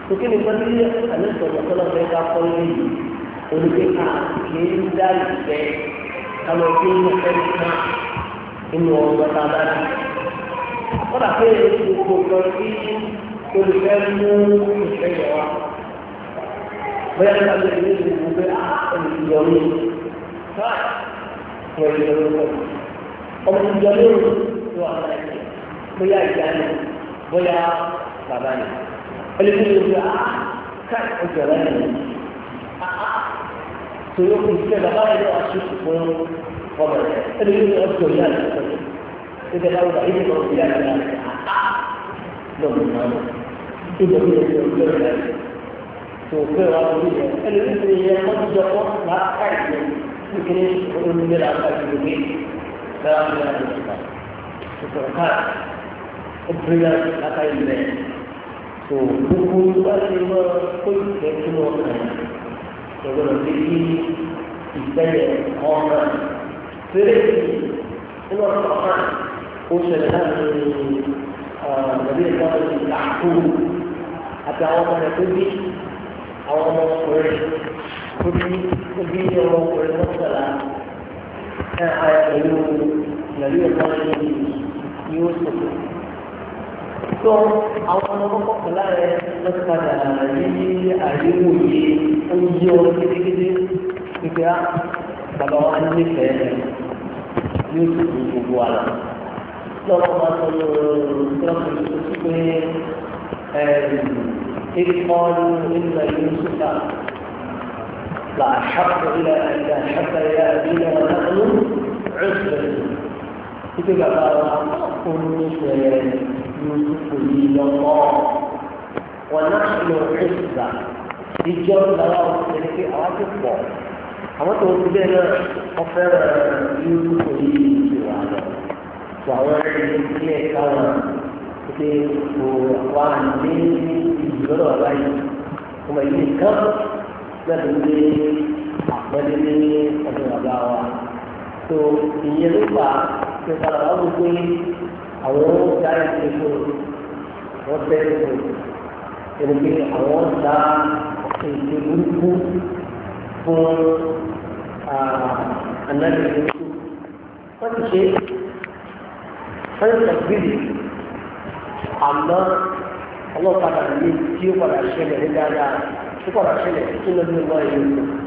Sókè ní pẹ́ẹ́lí àlẹ́sọ̀rọ̀ sọ́nà fẹ́ ká kọ́ lé yìí. Olùgbé ká kì í dá ìfẹ́ kálọ̀ kí ń fẹ́ ká inú ọgbà tá a bá dì. Kọ́dà pé gbogbo kan sí olùfẹ́ mú ìfẹ́ yẹn wá. Bẹ́ẹ̀ ni àgbẹ̀ ìlú ìlú ìlú pé olùyọ̀ mi. Káà, ìyọ̀ ìlú ọmọ ìjọ lóru ló wà láyé. بيا جانا بيا بابانا ولكن يقول آه كان أجرانا آه آه سيوكم في الغاية لو أشوف فيهم قبل أنا يقول أجرانا إذا لو رأيت أجرانا آه آه لو بمانا إذا كنت أجرانا سوكي رابطيه أنا يقول إيه قد جفوه ما أعجب يمكن أن يكون من ó bíríyà lápá ilẹ̀ tó gbogbo bá ti mọ kó ìfẹ́ tó lọ kàn ìgbọ́dọ̀ ti di ìfẹ́yẹ ọ̀hán fèrèsì nínú ọ̀hán ó ṣẹlẹ̀ láàrin ọ̀nàbí ìgbàlódé ìdàkú àti àwọn ọmọ rẹ̀ tó bí àwọn ọmọkùnrin tó bí tó bí ọmọkùnrin mọ́tàlá ẹ̀ ayọ̀ pẹ̀lú ìgbàlódé ìgbàlódé yóò sọ̀rọ̀ tó àwọn ọmọkọ́kọ́ pẹ̀lú ààrẹ lọ́sípadà ní àríwò yìí ó yí ọ gidigidi pípẹ́ á bàbá wa nífẹ̀ẹ́ ní oṣù gbogbo àlà lọ́wọ́ máa sọ lọ́wọ́ pé إذ إن يوسف لا حق إلى أن يحق إلى أبينا ونحن عزبة إذا قالوا أقول يوسف إلى الله ونحن عزة ìjọ lọ́wọ́ òṣèlú pé àwọn ti pọ̀ àwọn tó ti bẹ́ẹ̀ náà wọ́n fẹ́ràn yúrúkọ yìí ìwà lọ tó àwọn ẹni tí ẹ̀ káwọn pé kò wá ní ìdúró báyìí ọmọ yìí nìkan lẹ́nu pé àpẹẹrẹ ní ọdún bàbá wa tó ìyẹn ló fà á pé bàbá wa wò pé àwọn ohun dá ẹsẹ̀ fún wọn bẹ́ẹ̀ fún ẹni pé àwọn dá èdè burúkú fún anáyẹ̀dẹ̀ wọ́n ti ṣe wọ́n ti sọ̀gbìlì àmọ́ ọlọ́padà ní tí ó padà ṣẹlẹ̀ ní dáadáa ó padà ṣẹlẹ̀ tó lọ́dún lọ́yẹ̀ lọ́dún.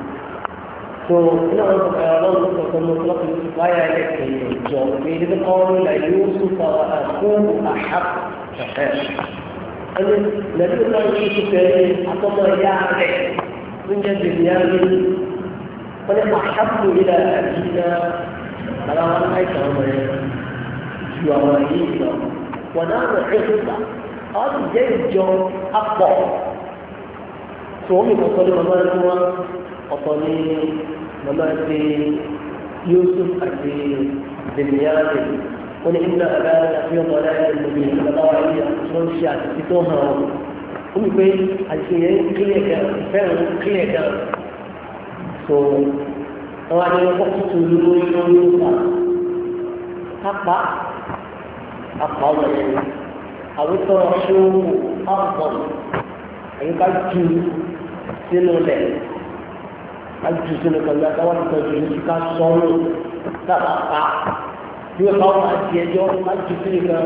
so ina wani kuka yaran suka san mutlaka baya da ke jo bai da kawo da yusuf wa aqulu ahaq an nabi Allah yusuf ya yi akama ya ne sun ga binyamin wani ahabbu ila abina ala wani aika mai juwamari ba wani abu ihsa an jẹ́ ìjọ apọ̀ tó omi kọ̀ọ̀kan ní ọmọ ẹgbẹ́ wọn ọ̀pọ̀ ní màmá ti Yusuf àti Binyami wọ́n ní ìgbà àgbà àti ọmọ aláìsí ìlúbi ìjọba wa yìí wọ́n ṣe àtìsí tó hàn ọ́ wọ́n ní pé àti ìyẹn kílẹ̀ gan fẹ́ràn kílẹ̀ gan so wọ́n á ní ọkọ̀ tuntun lórí lórí ọ̀pá kápá apá ọmọ yẹn àwùjọ ṣòwò ọ̀pọ̀ ẹ̀yìn ju sínú lẹ̀ láti ṣe lè pẹ̀lú àtàwọn ìtọ́jú ní ká sọ́ọ́rọ́ sábà pa bí wọ́n bá wà sí ẹjọ́ láti ṣe lè kan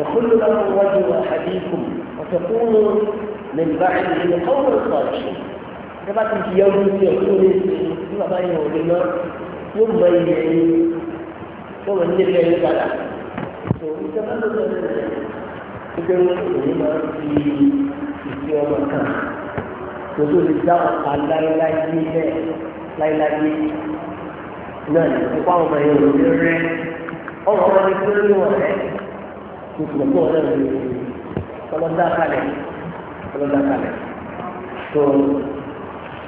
يحل لكم وجه أحدكم وتكونوا من بعد القوم الصالحين nígbà tí ìyá olóyún ti ìjọba kan tòtò lè dá ọ̀pá láéláé nílẹ̀ láéláé náà ní ìpá ọmọ yẹn ò ní rẹ ọmọ ọmọ yẹn tó ní wọn rẹ tuntun tó wọn náà ní ọlọ́dá kalẹ̀ ọlọ́dá kalẹ̀ tó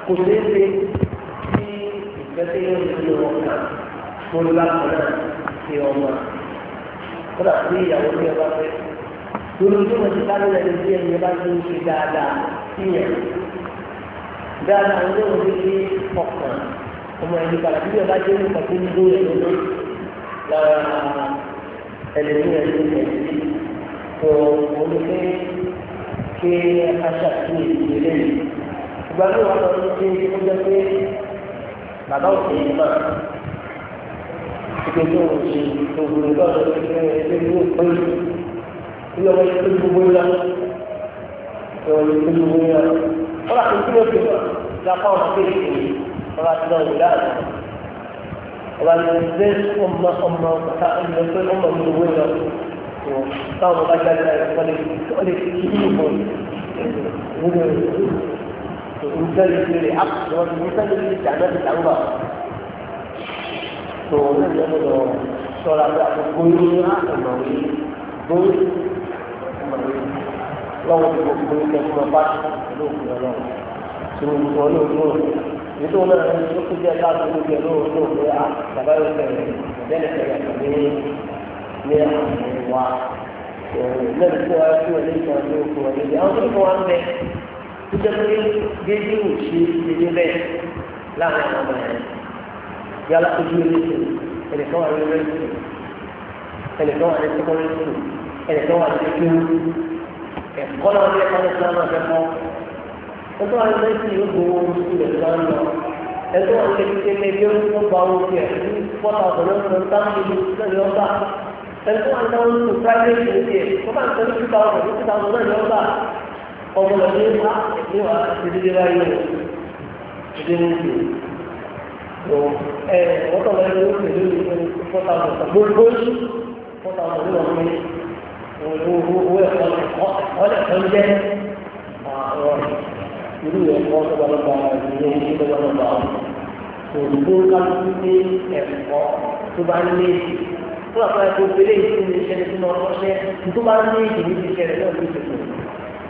kò ṣeé ṣe kí ìfẹ́sẹ̀ yẹn ń lò wọn kà tó lápò náà ṣe ọmọ kódà sí ìyàwó ní ọba fẹ́ tòlójú wọn ti ká lóla ẹni tí ẹni yẹn bá ti ń ṣe dáadáa sí yẹn dáadáa ń lóun ní ní ọkàn ọmọ ẹni padà bí ọba jẹ́ nípa tó ń gbó ẹ̀ lọ́dọ́ lára ẹlẹ́yìn ẹ̀ ló tẹ̀ sí tó olùkẹ́ kí aṣàkóso ìdílé yìí ìgbà tó wà lọ sí ṣe ó jẹ́ pé bàbá òkè yìí náà ìgbésẹ̀ òun ṣe ògùn lọ́dọ̀ ẹgbẹ́ ẹgbẹ́ yóò pé ilé yìí tó gbogbo yìí lọ ìwọ̀n yìí tó gbogbo yìí lọ ọba tó ń kí ló fi gba fáwọn akéde kìíní ọba tó lọ ìdá àná ọba ní ọdẹ ọmọ ọmọ ọta ọmọ ẹgbẹ ọmọ mi owó lọ táwọn ọba jáde láyé wọn lè wọn lè fi kí ìbò wúlò nǹkan ìṣẹ̀lẹ̀ àpò nǹkan ìṣẹ̀lẹ̀ ìjà náà ti dàgbà tó ní ìyẹn lọ sọ̀rọ̀ àgbà gbogbo ní àtọ̀mọ̀wé gbogbo àtọ̀mọ̀wé lọ́wọ́ ní gbogbo ìkẹ́kọ̀ọ́ lọ bá ìlú òkúrẹ́ lọ́wọ́ tí mo sọ lóòótọ́ ètò náà ní ó tún jẹ́ káàtó ló jẹ lóòótọ́ pé a ah, bàbá yóò tẹ̀lé bẹ́ẹ̀ tẹ̀lé ní ní àwọn ìwà lẹ́nu tí wọ́n fi wọlé ìtàn ní òkú wọlé ìdí àwọn tó ń wá ń bẹ tó jẹ́ pé géèjì ò ṣe ìdílé bẹ́ẹ̀ láàrin àwọn ọmọ yẹn yálà ojú eléyìí ẹnìkan wà ní ẹnìkan wà ní sẹkọrẹ́tì ẹnìkan wà ní kéwù ẹ̀kọ́ ní ẹ̀kọ́ ní ìsìlámù ẹ̀kọ́ ẹ̀tọ́ àwọn ẹgbẹ́ yóò gbowó oṣù rẹ̀ lọ́wọ́ lọ ẹ̀tọ́ àwọn ẹgbẹ́ sì bí ó ń gba owó tiẹ̀ ní fọ́tà ọ̀dọ́ lọ́wọ́ táwọn ìlú náà yọ bá ẹ̀tọ́ àwọn ẹgbẹ́ sì private ìlú tiẹ̀ tó bá ń tẹ́lẹ̀ fíta ọ̀dọ́ ní fíta ọ̀dọ́ náà yọ bá ọmọ rẹ̀ ní wá ní wá ti dídí báyìí dídí ní ti ẹ̀ wọ́tọ̀ lọ́wọ́ هو خلق خلق irú ẹ̀kọ́ tó wà lọ́gbà ìwé ìwé tó wà lọ́gbà ọ̀hún kò ní ká ní ẹ̀kọ́ tó bá ní èyí fún àpẹẹrẹ tó fẹ́lẹ́ ìṣe ní ìṣẹ̀lẹ̀ tó náà rọ́ṣẹ́ tó bá ní èyí ní ìṣẹ̀lẹ̀ náà ló ṣe fún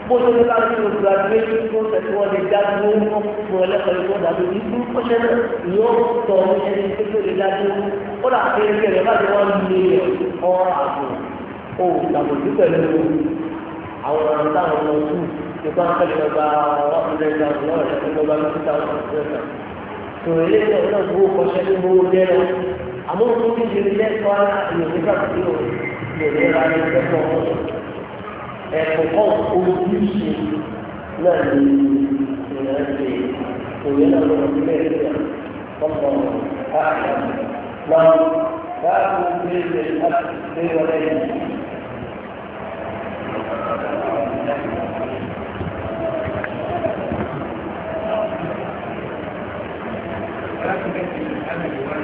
bó ṣe ní káàkiri ní oṣù àgbélé tó tẹ̀sí wọn lè dá dúró fún ẹlẹ́kọ̀ọ́ ìwọ dàbí ìlú ọṣẹ náà yóò tọ̀ ní ẹni tó lè dá dúró ó dà pé ẹgbẹ́ rẹ̀ bá ó yàgò sí pẹ̀lú àwọn ọ̀rọ̀ táwọn ọmọ tù nípa akẹ́kọ̀ọ́ gba one hundred thousand lọ́wọ́ rẹ̀ nípa gba two thousand one hundred thousand. tó eléyìí náà náà gbowó kọsẹ́ ní gbowó jẹ́ lọ àmọ́ tó ní ìdílé lẹ́kọ̀ọ́ ìyòmíkà tó yòó yòó ra ní ẹ̀kọ́ ẹ̀kọ́ olùdíje náà ní ìrìnàjò òye náà lọ́wọ́ باب مثل الأب بولده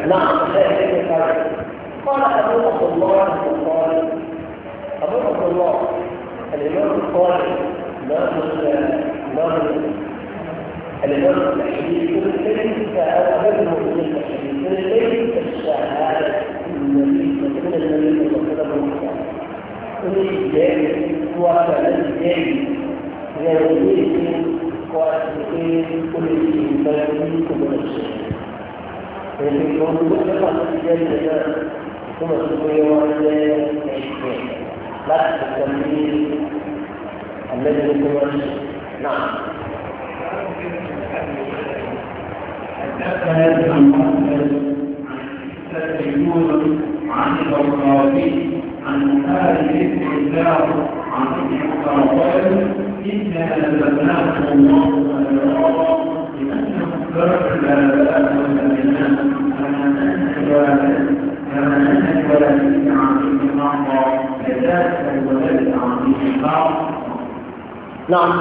نعم قال أبو عبد الله البخاري أبو عبد الله الإمام البخاري إمام إمام الإمام الحديث كل كلمة أبو المؤمنين الحديث الشهادة النبي صلى الله عليه وسلم ومن الجاهل هو الجاهل يرويه وأسفين كل شيء فيملك من الشيء لكن لو تبقى الجاهل ثم تقول ولا لا التمرين الذي هو نعم حدثنا ابن عن عن البرقاوي عن آل بن الله عن ابن قال إنا نزلناه الله لأنه ترك الآباء والأبناء كما أنت ولد كما أنت ولد عن ابن عمر كذلك الولد عن ابن نعم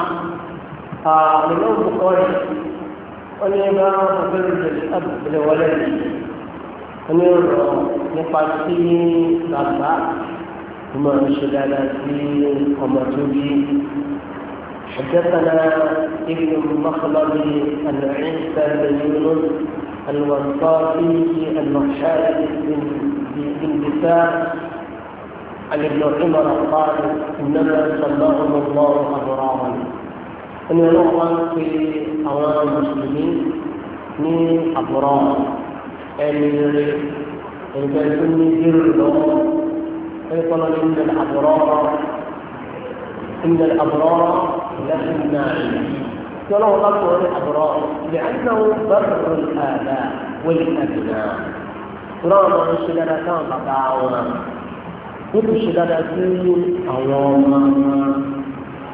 الإمام البخاري قال ما تبرز الأب لولده أنا ọ̀rọ̀ nípa tí bàbá tó máa ń ṣe dáadáa sí ọmọ tó bí حدثنا ابن مخلد عن عيسى بن يونس الوصافي المخشاري بن عن ابن عمر قال انما سماهم الله ابرارا المسلمين من ابرار الجلدون جردون ايطلا ان الابرار ان الابرار لهم ناعمين فله الاقوى الابرار لانه بر الاباء والابناء قرانا الشجرة كان تقاعونا كل شجرة تقاعونا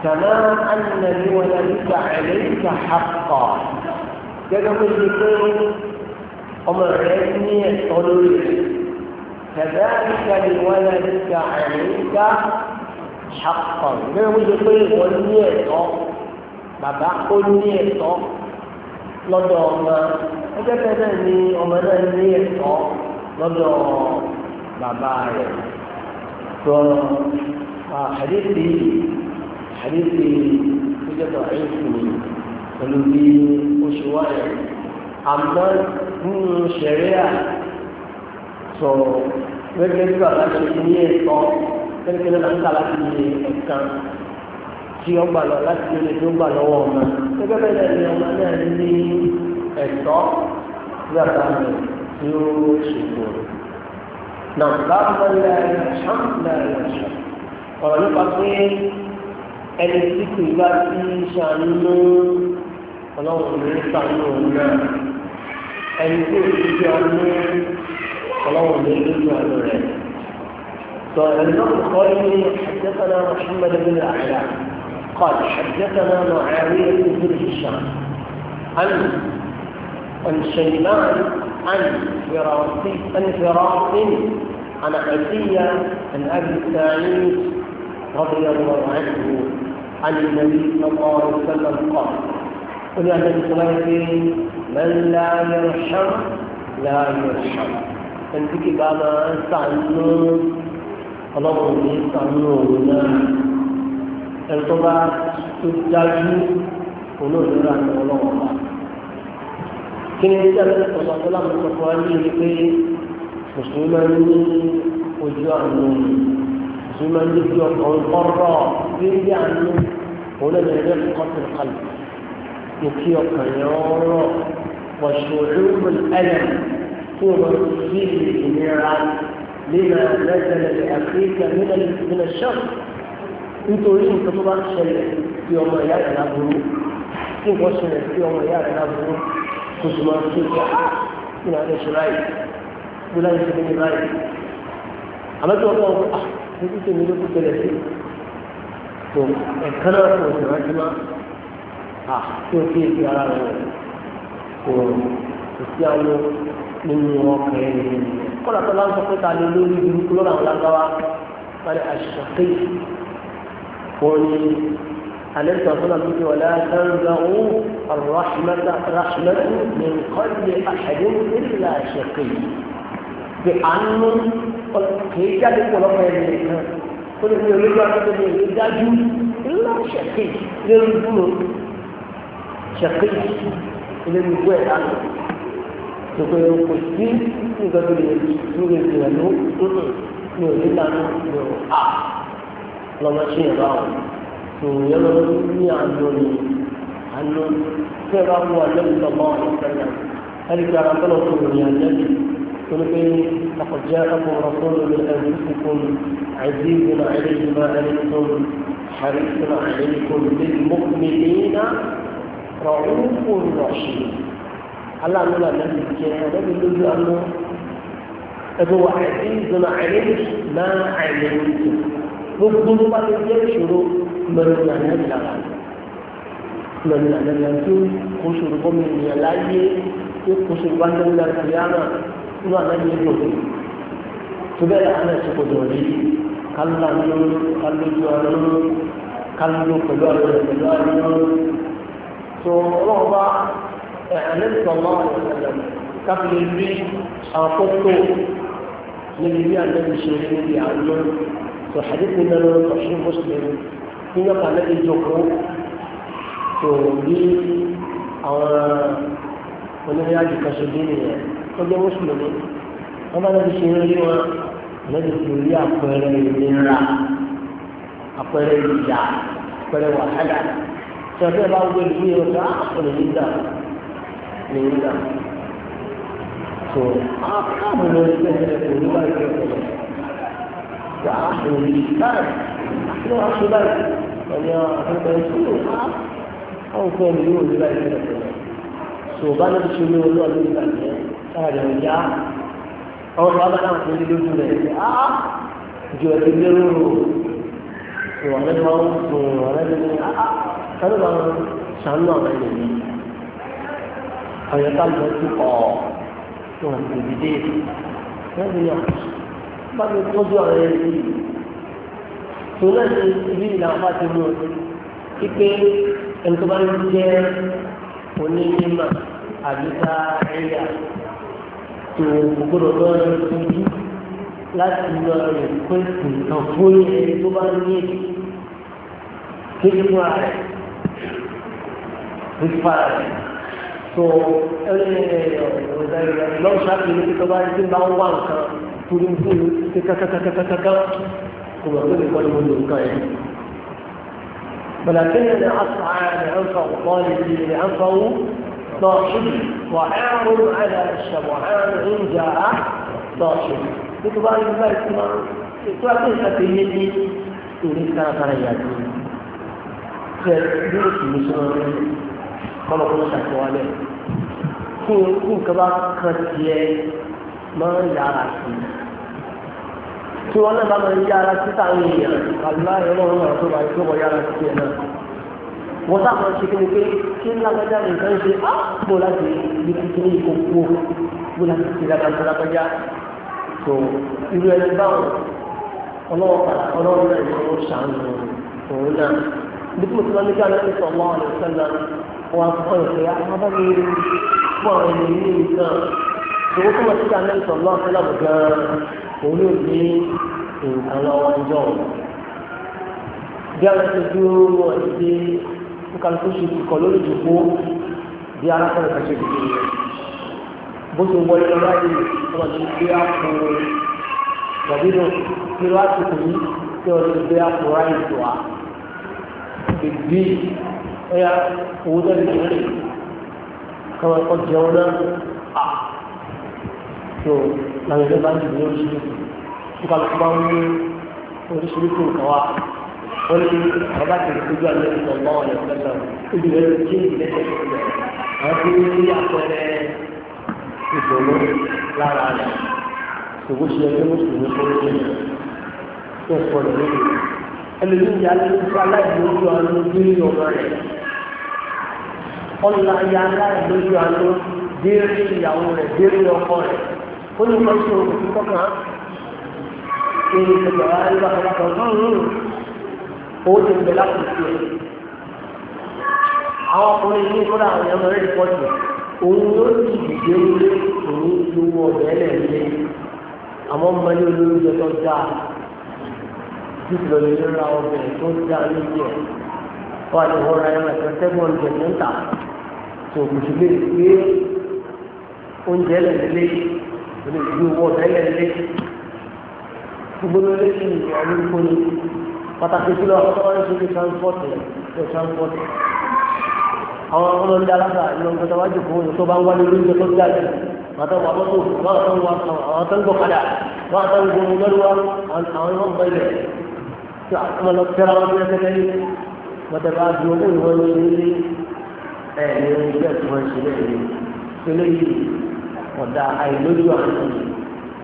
كما ان لولدك عليك حقا كما قلت ọmọ rẹ ní ẹ̀tọ́ lórí rẹ̀ kẹ̀dá nígbà ní wọ́n náà nígbà àyíká ṣàkọ̀ bẹ́ẹ̀ wọ́n ṣe pé wọ́n ní ẹ̀tọ́ bàbá ó ní ẹ̀tọ́ lọ́dọ̀ ọmọ ẹgbẹ́ bẹ́ẹ̀ náà ọmọ náà ní ẹ̀tọ́ lọ́dọ̀ bàbá rẹ̀ tó àdéhìí àdéhìí tó jẹ́ pẹ̀lú bí ó ṣe àmọ́ nínú ṣẹ̀ríà sọ̀rọ̀ gẹ́gẹ́ bí bàbá ṣe ní ẹ̀tọ́ kẹ́lẹ́kẹ́lẹ́ náà ń kà láti ilé ẹ̀kan tí ó gbà lọ láti ilé tí ó gbà lọ́wọ́ ọmọ gẹ́gẹ́ bẹ́ẹ̀ náà ni ọmọ náà ní ẹ̀tọ́ bàbá rẹ̀ tí ó ṣètò náà bàbá rẹ̀ ṣàǹdà rẹ̀ ṣàǹdà ọ̀rọ̀ nípa pé ẹni tí kò bá ti ṣàánú ọlọ́run ní ṣàánú òun náà. ẹni tó ti fi ọdún ọlọ́wọ́ ní lójú àánú rẹ̀. فالإمام البخاري حدثنا محمد بن الأعلى قال حدثنا معاوية بن هشام عن عن شيبان عن فراق عن فراس عن عزية عن أبي سعيد رضي الله عنه عن النبي صلى الله عليه وسلم قال قل يا النبي صلى الله عليه وسلم من لا يرحم لا يرحم فانتك بابا سعنون ربني سعنون التباك تجاجي ونور الله كنت أجل الله صلى الله عليه وسلم مسلماني وجعلني مسلماني في القرى في جعلني هنا من رفقة القلب ìkí ọkàn yẹn ọ̀rọ̀ pọ̀ṣùrù ẹlẹ̀ tí o máa fi ìnira nínú ẹlẹ́sẹ̀lẹ̀ àfíríkà nínú ṣọ́ọ̀ nítorí nǹkan tó bá ń ṣẹlẹ̀ sí ọmọ ìyá rẹ̀ láburú tí nǹkan ṣẹlẹ̀ sí ọmọ ìyá rẹ̀ láburú kò sì máa fi ìjà nínú àdéṣe láì gbọ́dọ̀ láì ṣe ní àmọ́ tí wọ́n bá wọn ní ah, títí mi ló kú tẹ̀lẹ̀ sí. tó ẹ̀ka náà kò sì rántí máa à tí o kí èsì ara rẹ̀ kò kò sí ayọ̀ nínú ọkàn ẹ̀ nìyẹn kọ́lá tó láǹsọ pé ta ni lórí burúkú lọ́nà àwọn lágbáwá sáré àṣàkè wọ́n ní alẹ́ sọ fún àwọn ìdíwọ̀ láàrín ọ̀hún ọ̀rọ̀ṣmẹ́tò ní kọ́lé àṣàdéhùn nílẹ̀ àṣàkè pé àánú kìí jáde pọ̀ lọ́pọ̀ ẹ̀ nìkan ó lè fi olójú àtúntò ní ìlú dájú ńlá àṣàkè lórí búrò ṣẹ̀kí ilé gbogbo ẹ̀ lánàá gbogbo ẹ̀ kò sí nǹkan tó lè tó lè gbìyànjú ló nínú mi ò ní lánàá mi ò à lọ́mọ ṣe ìrọ̀ àwọn tòun yẹn lọ́wọ́ ní àná ni àná tí ẹ bá wọ àlẹ́bí lọ́mọ ọ̀hún sẹ́yìn ẹ̀rí pé ara tọ́lọ̀ tó rìn àlẹ́bí tó ní pé àkọ́jẹ́ ẹ̀kọ́ rọ̀kọ́lù ní ẹ̀rí fúnfún عزيز عليه ما أنتم حريص عليكم بالمؤمنين rọ̀rùnkù rọ̀ṣì aláàánú àlẹ́bí jẹ́ ẹ̀rẹ́bí lójú àánú ẹ̀bí wà ẹ̀bí ìdùnnà àìlèmí náà àìlèmí jù gbogbo ló bá lè jẹ́ ìṣòro mẹ́rin àlẹ́bí lára mẹ́rin àlẹ́bí àti kóṣòro gómìnà ìyẹn láyé tó kóṣòro bá ń dẹ́nu lára ìyáàmà inú àlẹ́bí yẹn tó bẹ́ẹ̀ àná ìṣòkòdò rí kálù àánú kálù ojú àánú kálù pẹ̀lú àánú pẹ̀lú àánú tó ọlọ́run bá ẹ̀ẹ́dẹ́gbẹ̀sọ̀lọ́ káfílẹ̀ bí àkókò níbi bí àtẹ́bí ṣe rí níbi àwùjọ tó àdékù náà lọ sọ̀ṣin mùsùlùmí nígbà kan lẹ́yìn ìjọkọ̀ tó bí àwọn oníyájú kan ṣe dín nìyẹn tó jẹ́ mùsùlùmí wọ́n bá lẹ́bi ṣe rí wọn lẹ́bi tó rí àpẹẹrẹ ìnira àpẹẹrẹ ìyà àpẹẹrẹ wàhálà tẹ̀sẹ̀ bá gbé ìlú yẹn ká ọ̀nìyí dà ọ̀nìyí dà tó àkàmù ló ń tẹ̀sẹ̀ kò ní bá ìfẹ́ kọ̀ wà á sọ yìí báyìí kí wọ́n á sọ báyìí ọ̀nà àtúntò ìṣúrò á àwọn òkú ẹ̀mí yóò ní bá ìfẹ́ kọ̀ tó bá lọ́ọ́ ṣe ní olú ọdún ìgbà yẹn sára rẹ̀ yá ọ̀rọ̀ bá náà fún ilé lójú rẹ̀ á ẹ̀ ẹ̀rọ máa ń ṣàánú àwọn ẹ̀yẹ̀ mi ọ̀yọ́ tá lọ sí ọ̀ wọn kò dìde wọ́n ti yàn bá mi tọ́jú àwọn ẹ̀yẹ̀ mi tó náà ní ibi ìlànà bá ti mú pípé ẹni tó bá ń jẹ́ onímọ̀ àbíká ẹ̀yà tó gbọdọ̀ lọ́ọ́ lọ́ọ́ láti lọ rẹ̀ pé nǹkan fún ẹni tó bá ń yé kékeré fúnra rẹ̀. fífàrà so lọ́wọ́ ṣáàpì ní kíkọ́ bá ń tí ń bá ń wá nǹkan torí ń fún un ṣe kákákákákáká kò mọ̀ pé nìkan ni mo lò nǹkan yẹn. ولكنني أسعى لأنفع طالبي لأنفع صاحبي وأعرض على الشبعان إن جاء صاحبي. بكبار الله اسمع تعطي فتيتي تريد كان فرياتي. فبيوتي مسؤولين kọ́nà kó ṣàṣẹ wa lẹ̀ kí nǹkan bá kan tiẹ̀ máa ń yára sí i tí wọ́n náà bá máa ń yára sí táwọn èèyàn àlùmá ẹ̀rọ ọ̀rọ̀ ọ̀rọ̀ tó máa tó wọ́n yára sí tiẹ̀ náà wọ́n sábà ṣe kí ni pé kí lágbájá nìkan ṣe á kó láti ibi kíkiri ìkókó kó láti ṣe lágbájá lágbájá tó irú ẹni báwọn ọlọ́wọ́ padà ọlọ́wọ́ náà ni wọ́n ṣàánú òun náà bí mo ti máa ní ká lẹ́yìn sọ̀rọ̀ àwọn àlùfẹ́ náà wọn kọ́ ìpè àwọn bá mi pọ̀ ẹni ní nǹkan ìṣòwò tó wọ́n ti ká ní ìtọ̀ lọ́wọ́ fẹ́lá bù gan òun yóò ní nǹkan lọ́wọ́ ọjọ́ bí a ti dúró ẹ̀dí kálukú ṣe kíkọ lórí ìdìbò bí arákùnrin kan ṣe dìbò rẹ̀ bó ṣe wọlé lọ láyé wọn ti gbé àpò gbàdúrà kí ló àtìkù yìí tí wọn ti gbé àpò ráyè tó a ẹ̀yà owó tẹ́lẹ̀ tó rí kọ́mọ ẹ̀kọ́ jẹun náà à tó làwọn ẹgbẹ́ bá ń dìbò lóríṣiríṣi nípa ló máa ń mú oríṣiríṣi nǹkan wá wọ́n ní bàbá tẹ̀lé ojú àlẹ́ ìtàn bá wọn lẹ́sẹ̀ náà ojú rẹ̀ ló ké ìlẹ́sẹ̀ àwọn tó ń rí àpẹẹrẹ ìdùnnú lára rẹ̀ ṣòwò ṣe ẹgbẹ́ mùsùlùmí tó ń rí ẹ̀kọ́ rẹ̀ lórí ẹlòmíyàn ló ń fa aláìlú ojú àwọn ojú ìyọ̀mọ̀ rẹ̀ ọ̀la ya aláì lójú àánú déérí ìyàwó rẹ̀ déérí ọkọ rẹ̀ ó ní kọ́ sí òkú kọ́kàn èrè ìgbà wa ní bàbá bàbá ọ̀hún ó ti ń bẹ̀ lákòókò ẹ̀ àwọn ọkùnrin ní kódà àwọn ẹ̀rọ rẹ̀ pọ̀jù òun yóò ti dìde ilé òun lówó ọ̀bẹ ẹlẹ́ẹ̀lẹ́ àmọ́ mọ́lẹ́ olóúnjẹ tó dáa jùlọ lè ra ọbẹ̀ tó dáa lóúnjẹ wọ́n á lè wọ́n ra ẹ̀rọ ẹ̀sẹ̀ tẹ́gbọ̀n jẹ̀ ní ń tà tó mùsùlùmí gbé oúnjẹ lẹ́lẹ́lẹ́ ìlú ìlú owó ọ̀dà lẹ́lẹ́lẹ́ gbogbo lórí ìlú ọ̀lú ní pàtàkì jùlọ ọ̀sán ìṣòro transport ẹ̀ transport àwọn ọmọ ń dálága ìlú ọ̀gbọ́n tó wájú fún òyìnbó bá ń wá lórí ìjọ tó ń dájú màtá wà bọ́tò àwọn àtọ́ wà àwọn àtọ́ ń gbọ́ padà àwọn àtọ́ ń gbọ́ mú lọ́rùwá àwọn ìwọ̀n bá ilẹ̀ tí àwọn ọmọ lọ tẹ́ra wọn bí ẹ ẹ ẹgbẹ́ tí wọ́n ṣe bẹ́ẹ̀ ni ọ̀dà àìlójú àwọn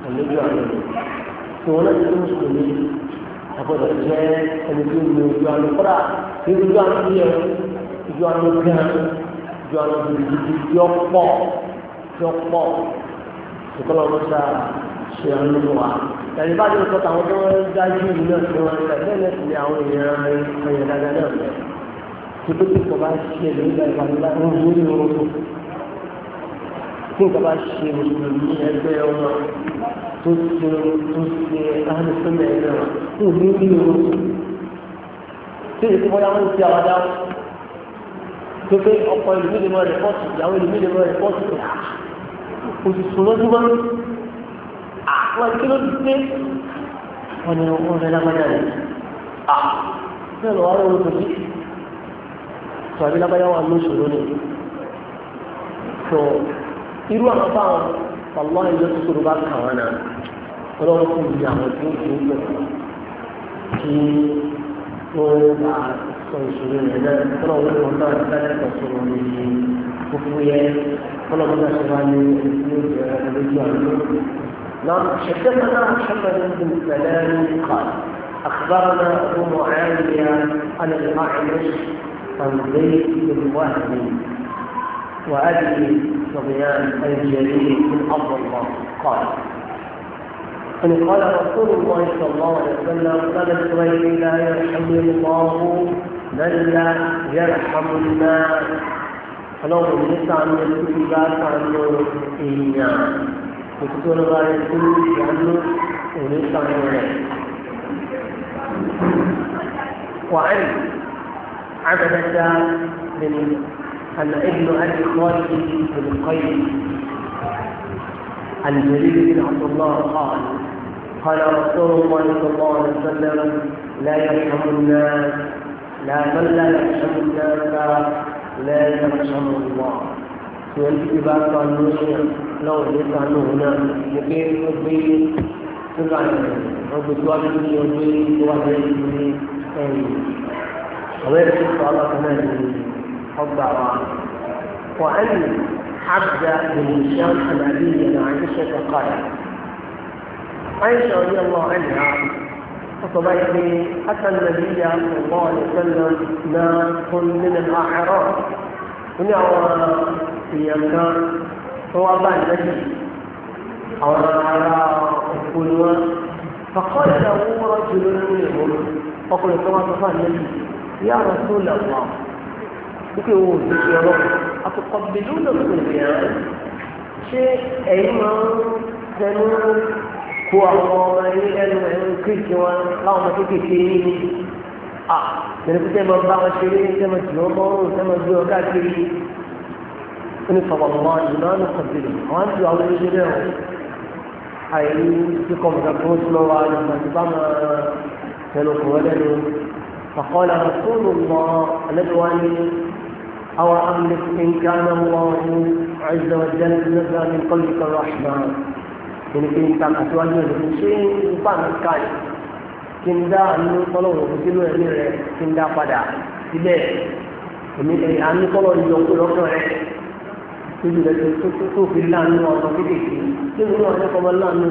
àìlójú àwọn tí wọ́n láti tó sùn àgbọ̀dọ̀ jẹ́ ẹni tó ní ojú àwọn kọ́dà ní ojú àwọn yẹ ojú àwọn gan ojú àwọn gidigidi tí pọ̀ tí pọ̀ ìkọlọ̀ ọmọ sáà ṣe àánú wa ẹni bá dé sọ́tà àwọn tó ń dájú ìlú náà tí wọ́n ń tẹ̀lé ní àwọn èèyàn ẹ̀yẹ̀ dáadáa náà tó tí kò bá ṣe lórí ìgbà ìgbà ń wú ní oòrùn tí kò bá ṣe mùsùlùmí ẹgbẹ́ ọmọ tó ṣe tó ṣe láàrín sílẹ̀ ẹgbẹ́ wọn kò ní ní oòrùn tí èsì bọ́lá wọn ti àwàdà tó pé ọkọ̀ ìlú lè mọ rẹpọ́tù ìyàwó ìlú lè mọ rẹpọ́tù òṣìṣẹ́ lọ́dúnmọ́ àwọn kí ló ti dé wọn ni wọn fẹ́ lágbájá rẹ̀ ah bẹ́ẹ̀ lọ́wọ́ àwọn olùdókòwò tó àbí lábáyá wà lóṣù lónìí tó irú àwọn báwọn ọlọ́ ìjọ tó sọ̀rọ̀ bá kà wọ́n náà ọlọ́run fún mi àwọn tó ń fi ń lọ kí wọ́n bá sọ ìṣòro yẹn náà tọ́lọ̀ wọn lọ náà láti sọ sọ̀rọ̀ ní fúfú yẹn tọ́lọ̀ wọn náà ṣe wá ní ìlú ìjọ àlọ́ نعم حدثنا محمد بن سلام قال أخبرنا أبو معاوية عن الأعمش صنديق بالوهم وأبي صبيان الجليل بن أرض الله قال أن قال رسول الله صلى الله عليه وسلم قال سويد لا يرحم الله من لا يرحم الناس فلو نسعى من الكتبات عنه إيمان وتقول الله يقول عنه ونسعى منه وعن عبدة بن أن ابن أبي خالد بن القيم عن جرير بن عبد الله قال قال رسول الله صلى الله عليه وسلم لا يرحم الناس لا من لا يرحم الناس لا يرحم الله سيدي بقى قانونيا لو ليس عنه هنا لكن ربي سبحانه ربي توابعني ربي توابعني وغير شرط الله كمان حب وأن عبد بن هشام عن أبيه عائشة قال عائشة رضي الله عنها فطبعت لي أتى النبي صلى الله عليه وسلم ناس من الأعراب من في أمكان هو أبا النبي أو على فقال له رجل منهم فقل كما تفهم النبي يا رسول الله wípé wo ò ti ọ̀rọ̀ àtùkọ̀bìlú lòsùn yẹn ṣé ẹ̀yin máa ń tẹnu kó àwọn ọmọ yín lẹ́nu ẹ̀rù kíríkì wọn láwọn ọmọ kéékèèké yín ni à tẹ̀lifí tẹ́ máa bá wọn ṣeré tẹ́ máa jù ọ́ bọ́ọ̀rù gbé ọ káàkiri ó ní mọ́ ìlú àwọn kọ̀bìlú àwọn ti àwọn ẹgbẹ́ rẹ̀ ọ̀ àìrí tí tó ń lọ wa ìgbà tí bá máa tẹnu kọ̀ọ́ فقال رسول الله الأدواني أو أملك إن كان الله عز وجل نزل من قلبك الرحمة يعني إن كان أتواني شيء وبان كان كندا أنه طلوه بسلوه أميره كندا فدا سبيه أنه طلوه يوقع رẹ̀ تجد أن في الله أنه أعطى كده كده أنه أعطى الله أنه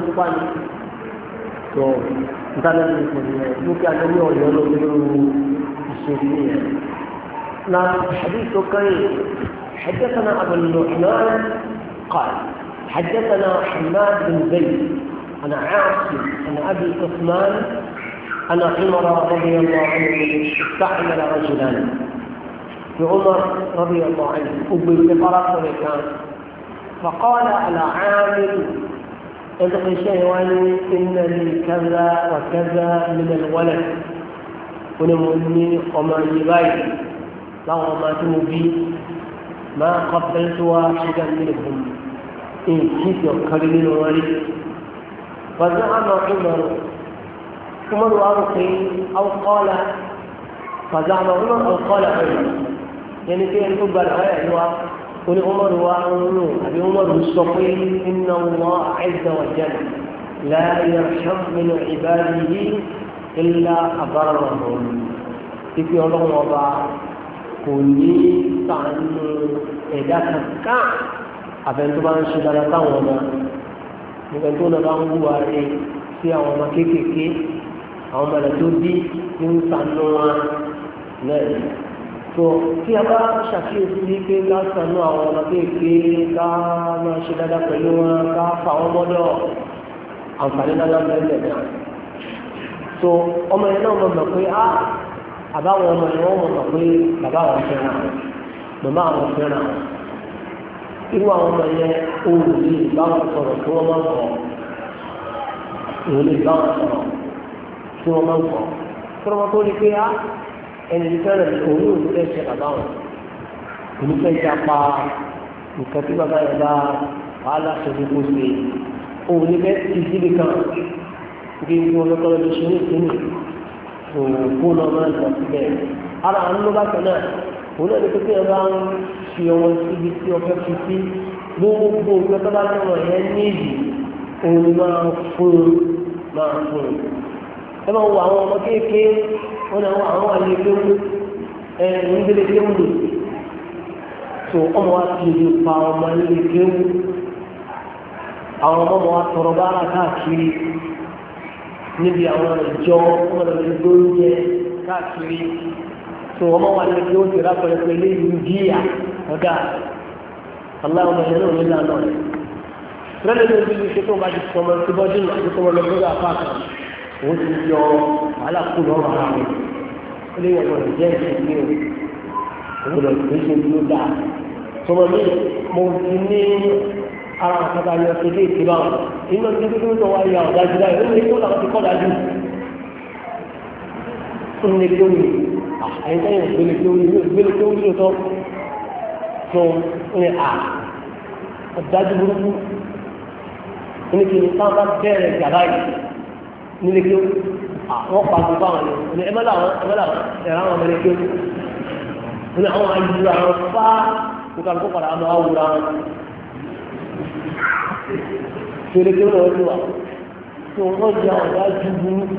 حدثنا أبو النعمان قال حدثنا حماد بن زيد انا عاصم انا أبي عثمان انا عمر رضي الله عنه استعمل رجلا في عمر رضي الله عنه أبي في فرق فقال على عامل شيء واني إن لي كذا وكذا من الولد ونمني وما يبايد لو ما تنبي ما قبلت واحدا منهم إن كنت يقرن الولد فزعم عمر عمر أرقي أو قال فزعم عمر أو قال عمر يعني في الحب تبقى oní ọmọdé wa ń lò àbí ọmọdé sọ pé iná wọn àìsàn wà jẹ́ láàyè ṣàmìnà ìbáraẹni yìí ńlá àbára wọn ìpè ọlọ́run ọba kò ní sànù ẹ̀dá kankan àbẹ̀ntó bá ń ṣe dáadáa táwọn ọmọ nígbà tó lọ bá ń wúwa rẹ sí àwọn ọmọ kéékèèké àwọn ọmọ rẹ tó bí ń sànù wọn náà tó tí a bá ṣàkíyèsí wípé ká sànú àwọn ọmọ kéèké ká máa ṣe dáadáa pẹ̀lú wọn ká fà wọ́n mọ́dọ̀ àǹfààní dáadáa bẹ́ẹ̀ náà tó ọmọ yẹn náà mọ̀ mọ̀ pé á àbáwọn ọmọ yẹn wọ́n mọ̀ mọ̀ pé bàbá àwọn fẹ́ràn màmá àwọn fẹ́ràn irú àwọn ọmọ yẹn òun lè bá wọn sọ̀rọ̀ tí wọ́n máa ń kọ́ òun lè bá wọn sọ̀rọ̀ tí wọ́n máa ń kọ́ tí tó rí pé á ẹni tí fẹ́ràn òun yóò fẹ́ ṣe àbáwọn òun fẹ́ japa nǹkan tí bàbá yẹn bá wàhálà ṣòro kó ṣe òun ní bẹ́ẹ̀ ti síbi kan bí wọn lọ́kọ́ lọ́dún ṣe ní ìpínlẹ̀ òkú náà máa ń lọ síbẹ̀ ara àwọn ló bá tẹ̀ náà òun náà ní pé kí ẹ bá ń fi ọmọ síbi tí ọkẹ́ fi sí gbogbo nǹkan tó bá tẹ̀wọ̀ yẹn níyì òun máa fún un máa fún un ẹ máa wọ àwọn ọmọ kéékèé wọn náà wọn àwọn àyè pé wọn ẹ ń gbélé pé wọn lò tó ọmọ wa ti lè pa ọmọ ilé pé wọn àwọn ọmọ wa tọrọ bára káàkiri níbi àwọn ìjọ wọn lọ sí gbóúnjẹ káàkiri tó ọmọ wa lè pé wọn ti rákọlẹ pé ilé ìlú jíyà ọgá aláwọn ẹ̀yẹ náà nílànà rẹ̀ rẹ́lẹ́dẹ́ òbí ní ṣe tó bá ti sọmọ síbọ́dún àti sọmọ lọ́gbọ́dọ̀ àpá kan ó ti yọ wàhálà kú lọ́rọ̀ ara rẹ̀ ó lè yọ̀gbọ̀n jẹ́ ìṣèlú o gbọ́dọ̀ tó ṣe ló dáa tọmọ mi mo ti ní ara àkàtà yọ kéde ìtura o iná tí kí ló wá yà ọ̀dájú láyé ó lè kó làwọn ti kọ́ dájú ó lè kó mi àyè sẹ́yìn ògbélé tó ń lò ògbélé tó ń lò tọ́ tó ń ní à ọ̀dájú burúkú ó ní kí ni sábà bẹ̀rẹ̀ gàdá yìí nílé kí wọ́n pa gbogbo àwọn ni ẹ mọ́lá àwọn ẹ̀rọ àwọn ọmọ ilé kí wọ́n ní àwọn ayélujára àwọn fá kókò àlùkò padà àwọn awùrà wọn. Tẹ̀lé kí wọ́n lọ wá tó wọ́n jẹ àwọn ọ̀dà ju burúkú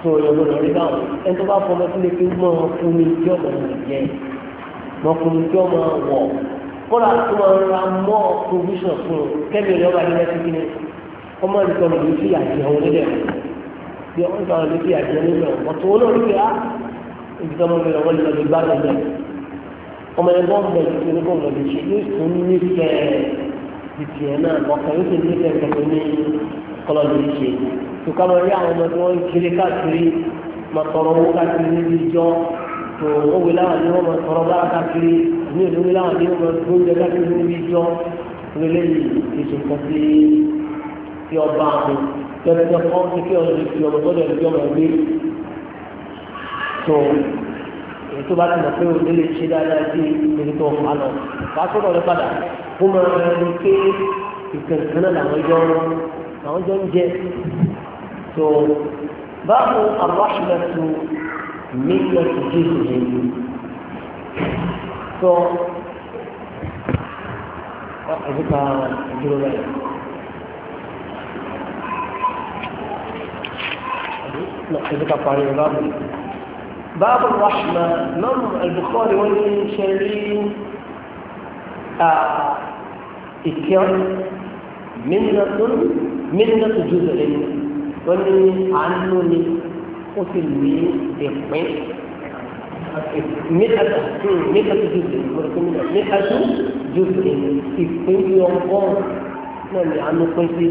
tó yọ lọ́dọ̀ rí báwọn ẹni tó bá fọmọ sílé kí wọ́n fún mi tí ọmọ mi jẹ mọ fún tí ọmọ wọ̀ kọ́lá tó máa ń ra mọ́ provision fún kẹ́mi ìrọ̀lẹ́ ọmọ ìtọ́ ló fi àjẹ wọn nílẹ̀ bí ọmọ ìtọ́ ló fi àjẹ nílẹ̀ ọ̀tún wọn náà ló fi á ìdíjọ́ mọ́ mi lọ́wọ́ nílẹ̀ gbá lọ́lẹ̀ ọmọ ẹni wọ́n bẹ̀rẹ̀ sí ní kóńgò lè ṣe yóò tún ní kẹ́ ìtì ẹ̀ náà ọkàn yóò tún ní kẹ́ kẹ́kẹ́ ní kọ́lọ́ lè ṣe tùkà máa rí àwọn ọmọ tí wọ́n ń kiri káàkiri máa tọrọ owó káàkiri níbi ìjọ tó wọ́n wí láwọn ní wọ́n máa tí ọba àmì tẹ̀sí ọkọ ní kí ọ̀rọ̀ ìfi ọmọ gbọ́dọ̀ ìfi ọmọ gbé tó èyí tó bá ti mọ̀ pé o lè ṣe dáadáa sí ibi tó wà lọ wàá tó lọ padà kó máa rí pé ìkànnì náà làwọn jọ làwọn jọ ń jẹ tó báwo àbáṣẹ́lẹ̀tù mílíọ̀n ti dé ìṣòro tó ẹ̀ka ìdúró bẹ́ẹ̀. نقصدك عن الباب باب الرحمة نم البخاري والشريم آه، إكيان منة منة جزء ولي عنوني أتلوي إقمي مئة مئة جزء مئة جزء إقمي يوم قوم نعم عنو قيسي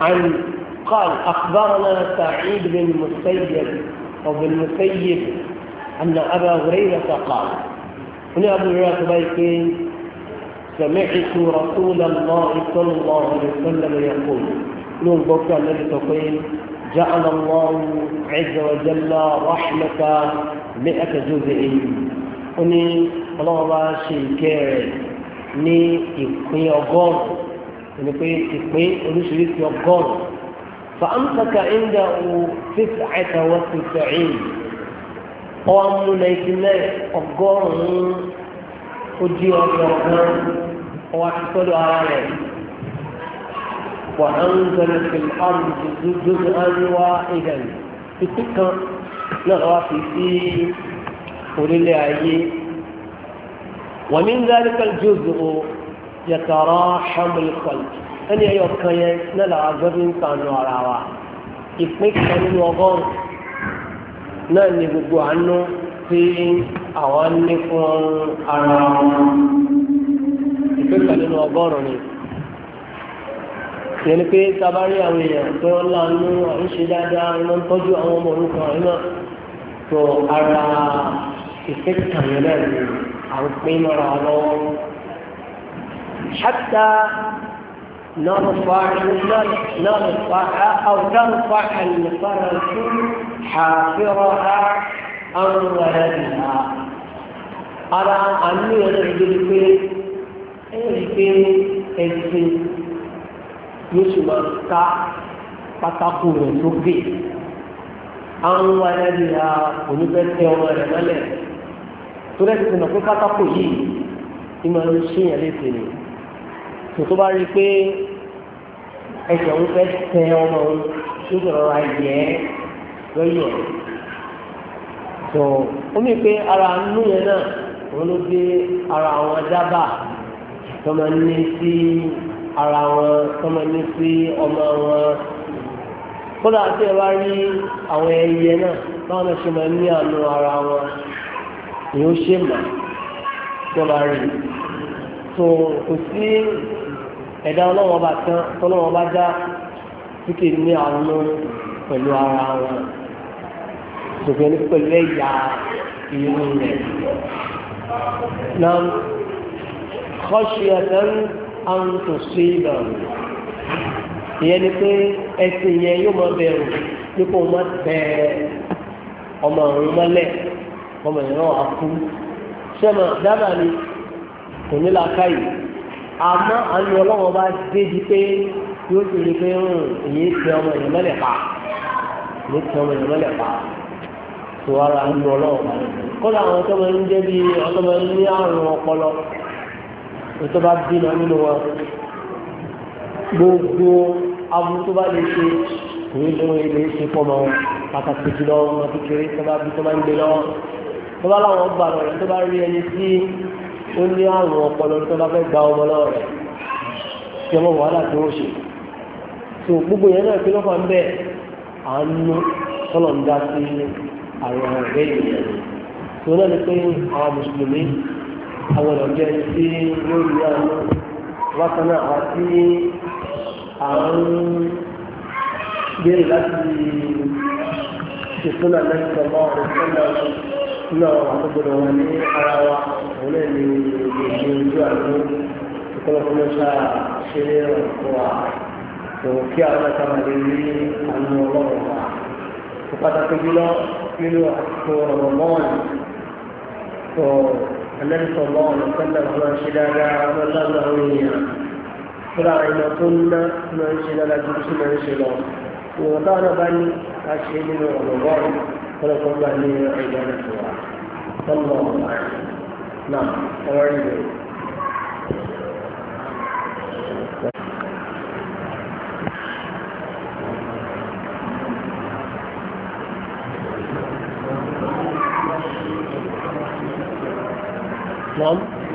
عن قال أخبرنا سعيد بن المسيب أو بن المسيب أن أبا هريرة قال هنا أبو هريرة بيتين سمعت رسول الله صلى الله عليه وسلم يقول نور بكر الذي تقول جعل الله عز وجل رحمة مئة جزء أني الله شيء ني ni ẹni pé ìpín oríṣiríṣi ọgọ́rùn fàámsàkà ẹ̀ńdà ò fífi àìsàn wọ́n ti fẹ̀yìn ọ̀hánmú náìtì náà ọgọ́rùn-ún ojú ọgbọ̀n ọwọ́ àtúntọ́dọ̀ ara rẹ̀ وأنزل في الأرض جزءا واحدا في تلك نغرف في قول الله ومن ذلك الجزء yàtàrà hamilton ẹni ẹyọ kan yẹn náà làwọn agbẹ́bí ń tàn lọ ara wa ìpín kan nínú ọgọ́rùn náà ni gbogbo àánú tí àwọn ní fún ara wọn ìpín kan nínú ọgọ́rùn ni ìyẹn ni pé tabari àwọn èèyàn tó ń lánú àwọn ṣe dáadáa iná ń tọ́jú àwọn ọmọ orúkọ iná tó ara ìpín kan yẹn náà ni à ń pín mọ́ra lọ́wọ́. حتى نرفع نرفع أو ترفع المفرة حافرها عن ولدها على أن يرجل في ẹ̀rìnpé ẹ̀sìn ló sì máa ká pátákó rẹ̀ lókè àwọn ẹlẹ́dìá onífẹ́tẹ́ ọmọ rẹ̀ mọ́lẹ̀ tó rẹ̀ ti sọ̀nà pé pátákó yìí ni máa ń ṣíyàn létè nìyí tó bá rí i pé ẹsẹ̀ ń fẹ́ tẹ ọmọ òun tó sọ̀rọ̀ ra yẹ ẹ́ lọ́yọ̀ ẹ̀ tó omi pé ara nú yẹn náà òun ló dé ara àwọn dábàá tó máa ń ní sí ara wọn tó máa ní sí ọmọ wọn kódà tí ẹ bá rí àwọn ẹyẹ náà báwọn náà ṣe máa ní àánú ara wọn ni ó ṣe mà tó bá rí tó kò sí ẹ̀dá ọlọ́wọ́n bá tán tọ́lọ́wọ́n bá dá títí ní àwọn pẹ̀lú ara wọn ṣùgbọ́n ní pẹ̀lú ẹ̀yà ìlú rẹ̀. na kọ́ṣì ẹ̀sán àǹtòsí ìbẹ̀rù ìyẹn ni pé ẹsìn yẹn yóò máa bẹ̀rù nípa ọmọ tẹ ọmọ òun mọ́lẹ̀ ọmọ ìran àkú sẹ́mọ̀ dábàá ni kò ní làákàyè àmọ́ àánú ọlọ́wọ́ bá débi pé yóò ti rí pé hmm, èyí tẹ ọmọ èèyàn mẹ́lẹ̀ pa èyí tẹ ọmọ èèyàn mẹ́lẹ̀ pa tó ara àánú ọlọ́wọ́ bá rẹ̀ kọ́lá àwọn tó máa ń jẹ́ bí ọtọ́ máa ń ní àrùn ọpọlọ ètò bá bínú nínú wọn gbogbo aburú tó bá lè ṣe ìwé lóhun ilé ṣe pọ̀ pàtàkì jùlọ wọn kékeré tó bá bí tó máa ń gbé lọ́wọ́ tó bá láwọn gbà lọ́rẹ̀ ó ní àrùn ọpọlọ tó bá fẹ́ gba ọmọ náà rẹ̀ tí ọmọ wàhálà tó ń ṣe tó gbogbo yẹn náà kí ló ń bẹ́ẹ̀ àánú tọ́lọ̀ ń dá sí àwọn ọ̀rẹ́ ìrìnà tó náà ni pé àwọn mùsùlùmí àwọn ọ̀jẹ́ tí yóò rí àánú bákan náà àwọn tí àwọn gbé láti ṣètò náà lẹ́sìn ọmọ ọ̀rẹ́ nínú àwọn àtọ́gbọ́dọ̀ wọn ní ara wa òun náà ni èyí ojú àti ìkọlọ́fún mẹ́ta ṣe ní ọ̀pọ̀ wa kò kí àwọn mẹ́ta máa lè rí àánú ọlọ́run wa kò pàtàkì jùlọ nínú àtúntò ọ̀rọ̀ mọ́ọ̀nì tó ẹlẹ́rìsọ̀ mọ́ọ̀nì sẹ́lẹ̀ ولكم بأني عبادة الله والله أعلم نعم أعلم نعم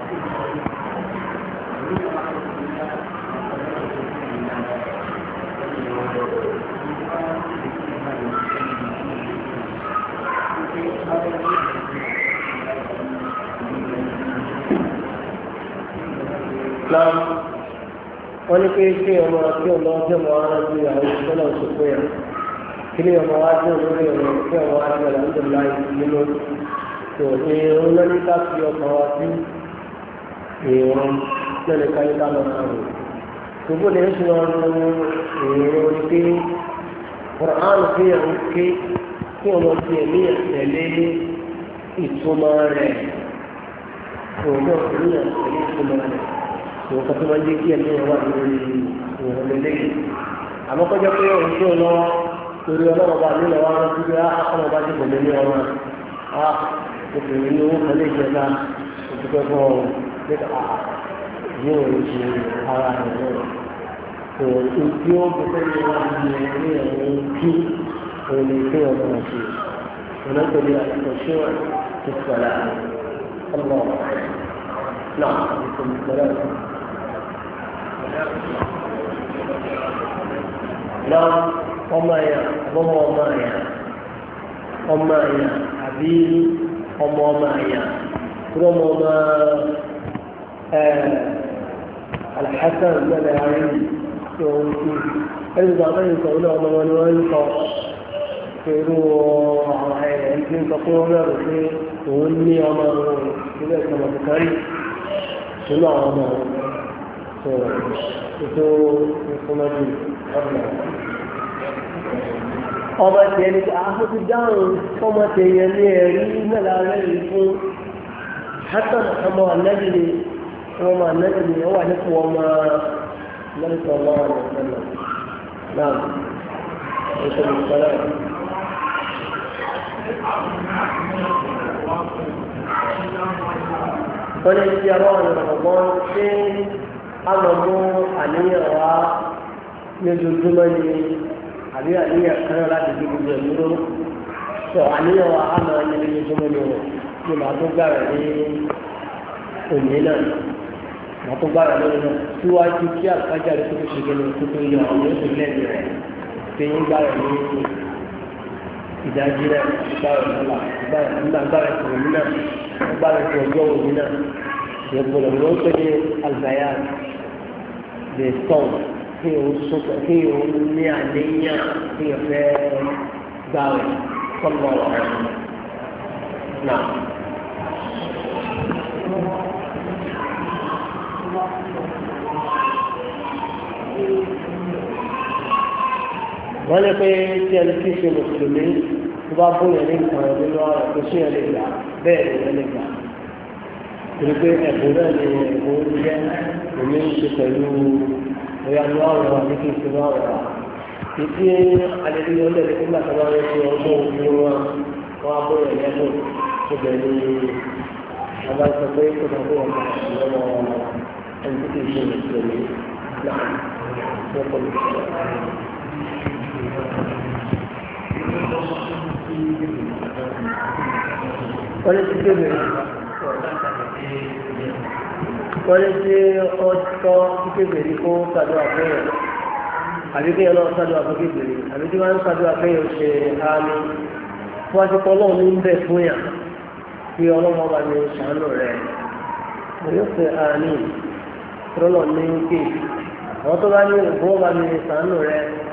Islam wọ́n ní pé kí ọmọ kí ọmọ ọjọ́ mọ́ ara ju àwọn ìṣẹ́ náà ṣe pé ẹ̀ kí ni ọmọ wájú lórí ọ̀rọ̀ kí ọmọ wájú ọ̀rọ̀ ń dọ̀la nínú tó ní irun lọ́ní ká fi ọkọ̀ wá sí irun lọ́ní ká ní ká lọ sọ̀rọ̀ gbogbo ní oṣù náà ló ń irun pé Quran fi hàn pé kí ọmọ ti ẹ̀mí ẹ̀tẹ̀lé ìtumọ̀ rẹ̀ òun náà fi hàn ìwọ̀n kan tó máa ń jẹ́ kí ẹ̀mí ẹ̀ wà lórí ìwọ̀n lélẹ́yìn àmọ́ kọjá pé òun tó lọ torí ọlọ́mọba nílẹ̀ wa ń fi á ọmọba ah, ti bọ̀ lórí ọmọ á ah, obìnrin ní owó kan lè jẹ náà òtútù fún ọ ah, nípa yóò ṣe ara rẹ̀ náà kò tó tí ó bẹ sẹ́yìn wá ní ẹ̀rí ẹ̀rí kí òun lè fi ọmọ rẹ̀ ṣe ọ̀nà tó lè àtúnṣe ti sọ̀rọ̀ ọmọ náà ìfòmìtì náà lọ ọmọ ẹ̀yà ọmọ ọmọ ẹ̀yà ọmọ ẹ̀yà àbí ọmọ ọmọ ẹ̀yà kúrò ọmọ ọmọ alhassan mẹ́lẹ̀ ayé tó ń kú ẹni tó àbẹ́yìn sọ ilé ọmọ wọn ni wọ́n ń sọ pẹ̀lú àwọn ẹ̀yà ń tí ọmọ rẹ̀ pé òun ní ọmọ rẹ̀ ilé ìsọmọ bukari pẹ̀lú àwọn ọmọ rẹ̀ tó ètò ìfúnmọ́jú ọba tẹ ẹni tí a ti dáhùn ọmọ tẹ yẹ ní ẹ̀rí mẹ́la rẹ̀ fún hasan ọmọ anabi ni ọmọ anabi ni ọwọ́ àdínkù ọmọ lẹ́sọ̀ ọmọ àdínkù náà ètò ìfúnmọ́jú. Wọ́n lè ṣe àwọn ọ̀nà ọ̀gbọ́n ṣé àmọ́ mú àníyàn wá ní ojoojúmọ́ ni àbí àníyàn kan láti fi gbogbo ẹ̀mí ló sọ àníyàn wá àmọ́ ní ojoojúmọ́ ni wọ́n ní màá tó gbà rẹ̀ ní òní náà màá tó gbà rẹ̀ lórí náà síwájú kí àkájà rẹ̀ tó fi ṣe kéde tó tó yọ àwọn yóò tó lẹ́ẹ̀dì rẹ̀ pé ń gbà rẹ̀ ní ìdájí rẹ̀ gbà rẹ̀ lọ́la gbà rẹ̀ nígbà rẹ̀ ní náà gbà rẹ̀ kò ọjọ́ òní náà lè tán kí o sọ́kọ̀ kí o ní àdéhìyàn kí o fẹ́ gbà rẹ̀ kọ́mọ ọ̀rọ̀ náà. wọ́n lé pé tí ẹni tí ń ṣe tó bá bóyá ní nǹkan ẹ̀mí lọ́wọ́ rẹ̀ kò sí ẹ̀ lè gbà bẹ́ẹ̀ ni lè gbà torí pé ni ẹ̀bùn jẹ́ òní ń ṣe pẹ̀lú ẹ̀yà ní ọ̀rọ̀ àti kí n ṣe ní ọ̀rọ̀ títí alẹ́lẹ́yìn ọ̀lẹ́ ní nígbà tó bá rẹ̀ ṣe ọgbọ́n òfin wọn wọn abọ́ rẹ̀ lẹ́bùn tó bẹ̀rẹ̀ ní abáṣọ pé kò tó kó wọn bá lọ́wọ́ ẹni tó ti ṣe ìṣẹ̀lẹ̀ náà lè ti dé bẹ̀rẹ̀ wọ́n ní ṣé ọtọ́ kékeré kó ṣàdúrà fún yẹn àbí kéèyàn náà ṣàdúrà fún kékeré àbí tí wọ́n ń ṣàdúrà fún yẹn ṣe àmì wọ́n ti kọ́ lọ́wọ́ ní bẹ̀ fún yà kí ọlọ́wọ́ bá ní ṣàánú rẹ̀ yóò ṣe àmì rọ́lọ́ ní kéèké àwọn tó bá ní ìbúrọ́ bá ní ṣàánú rẹ̀.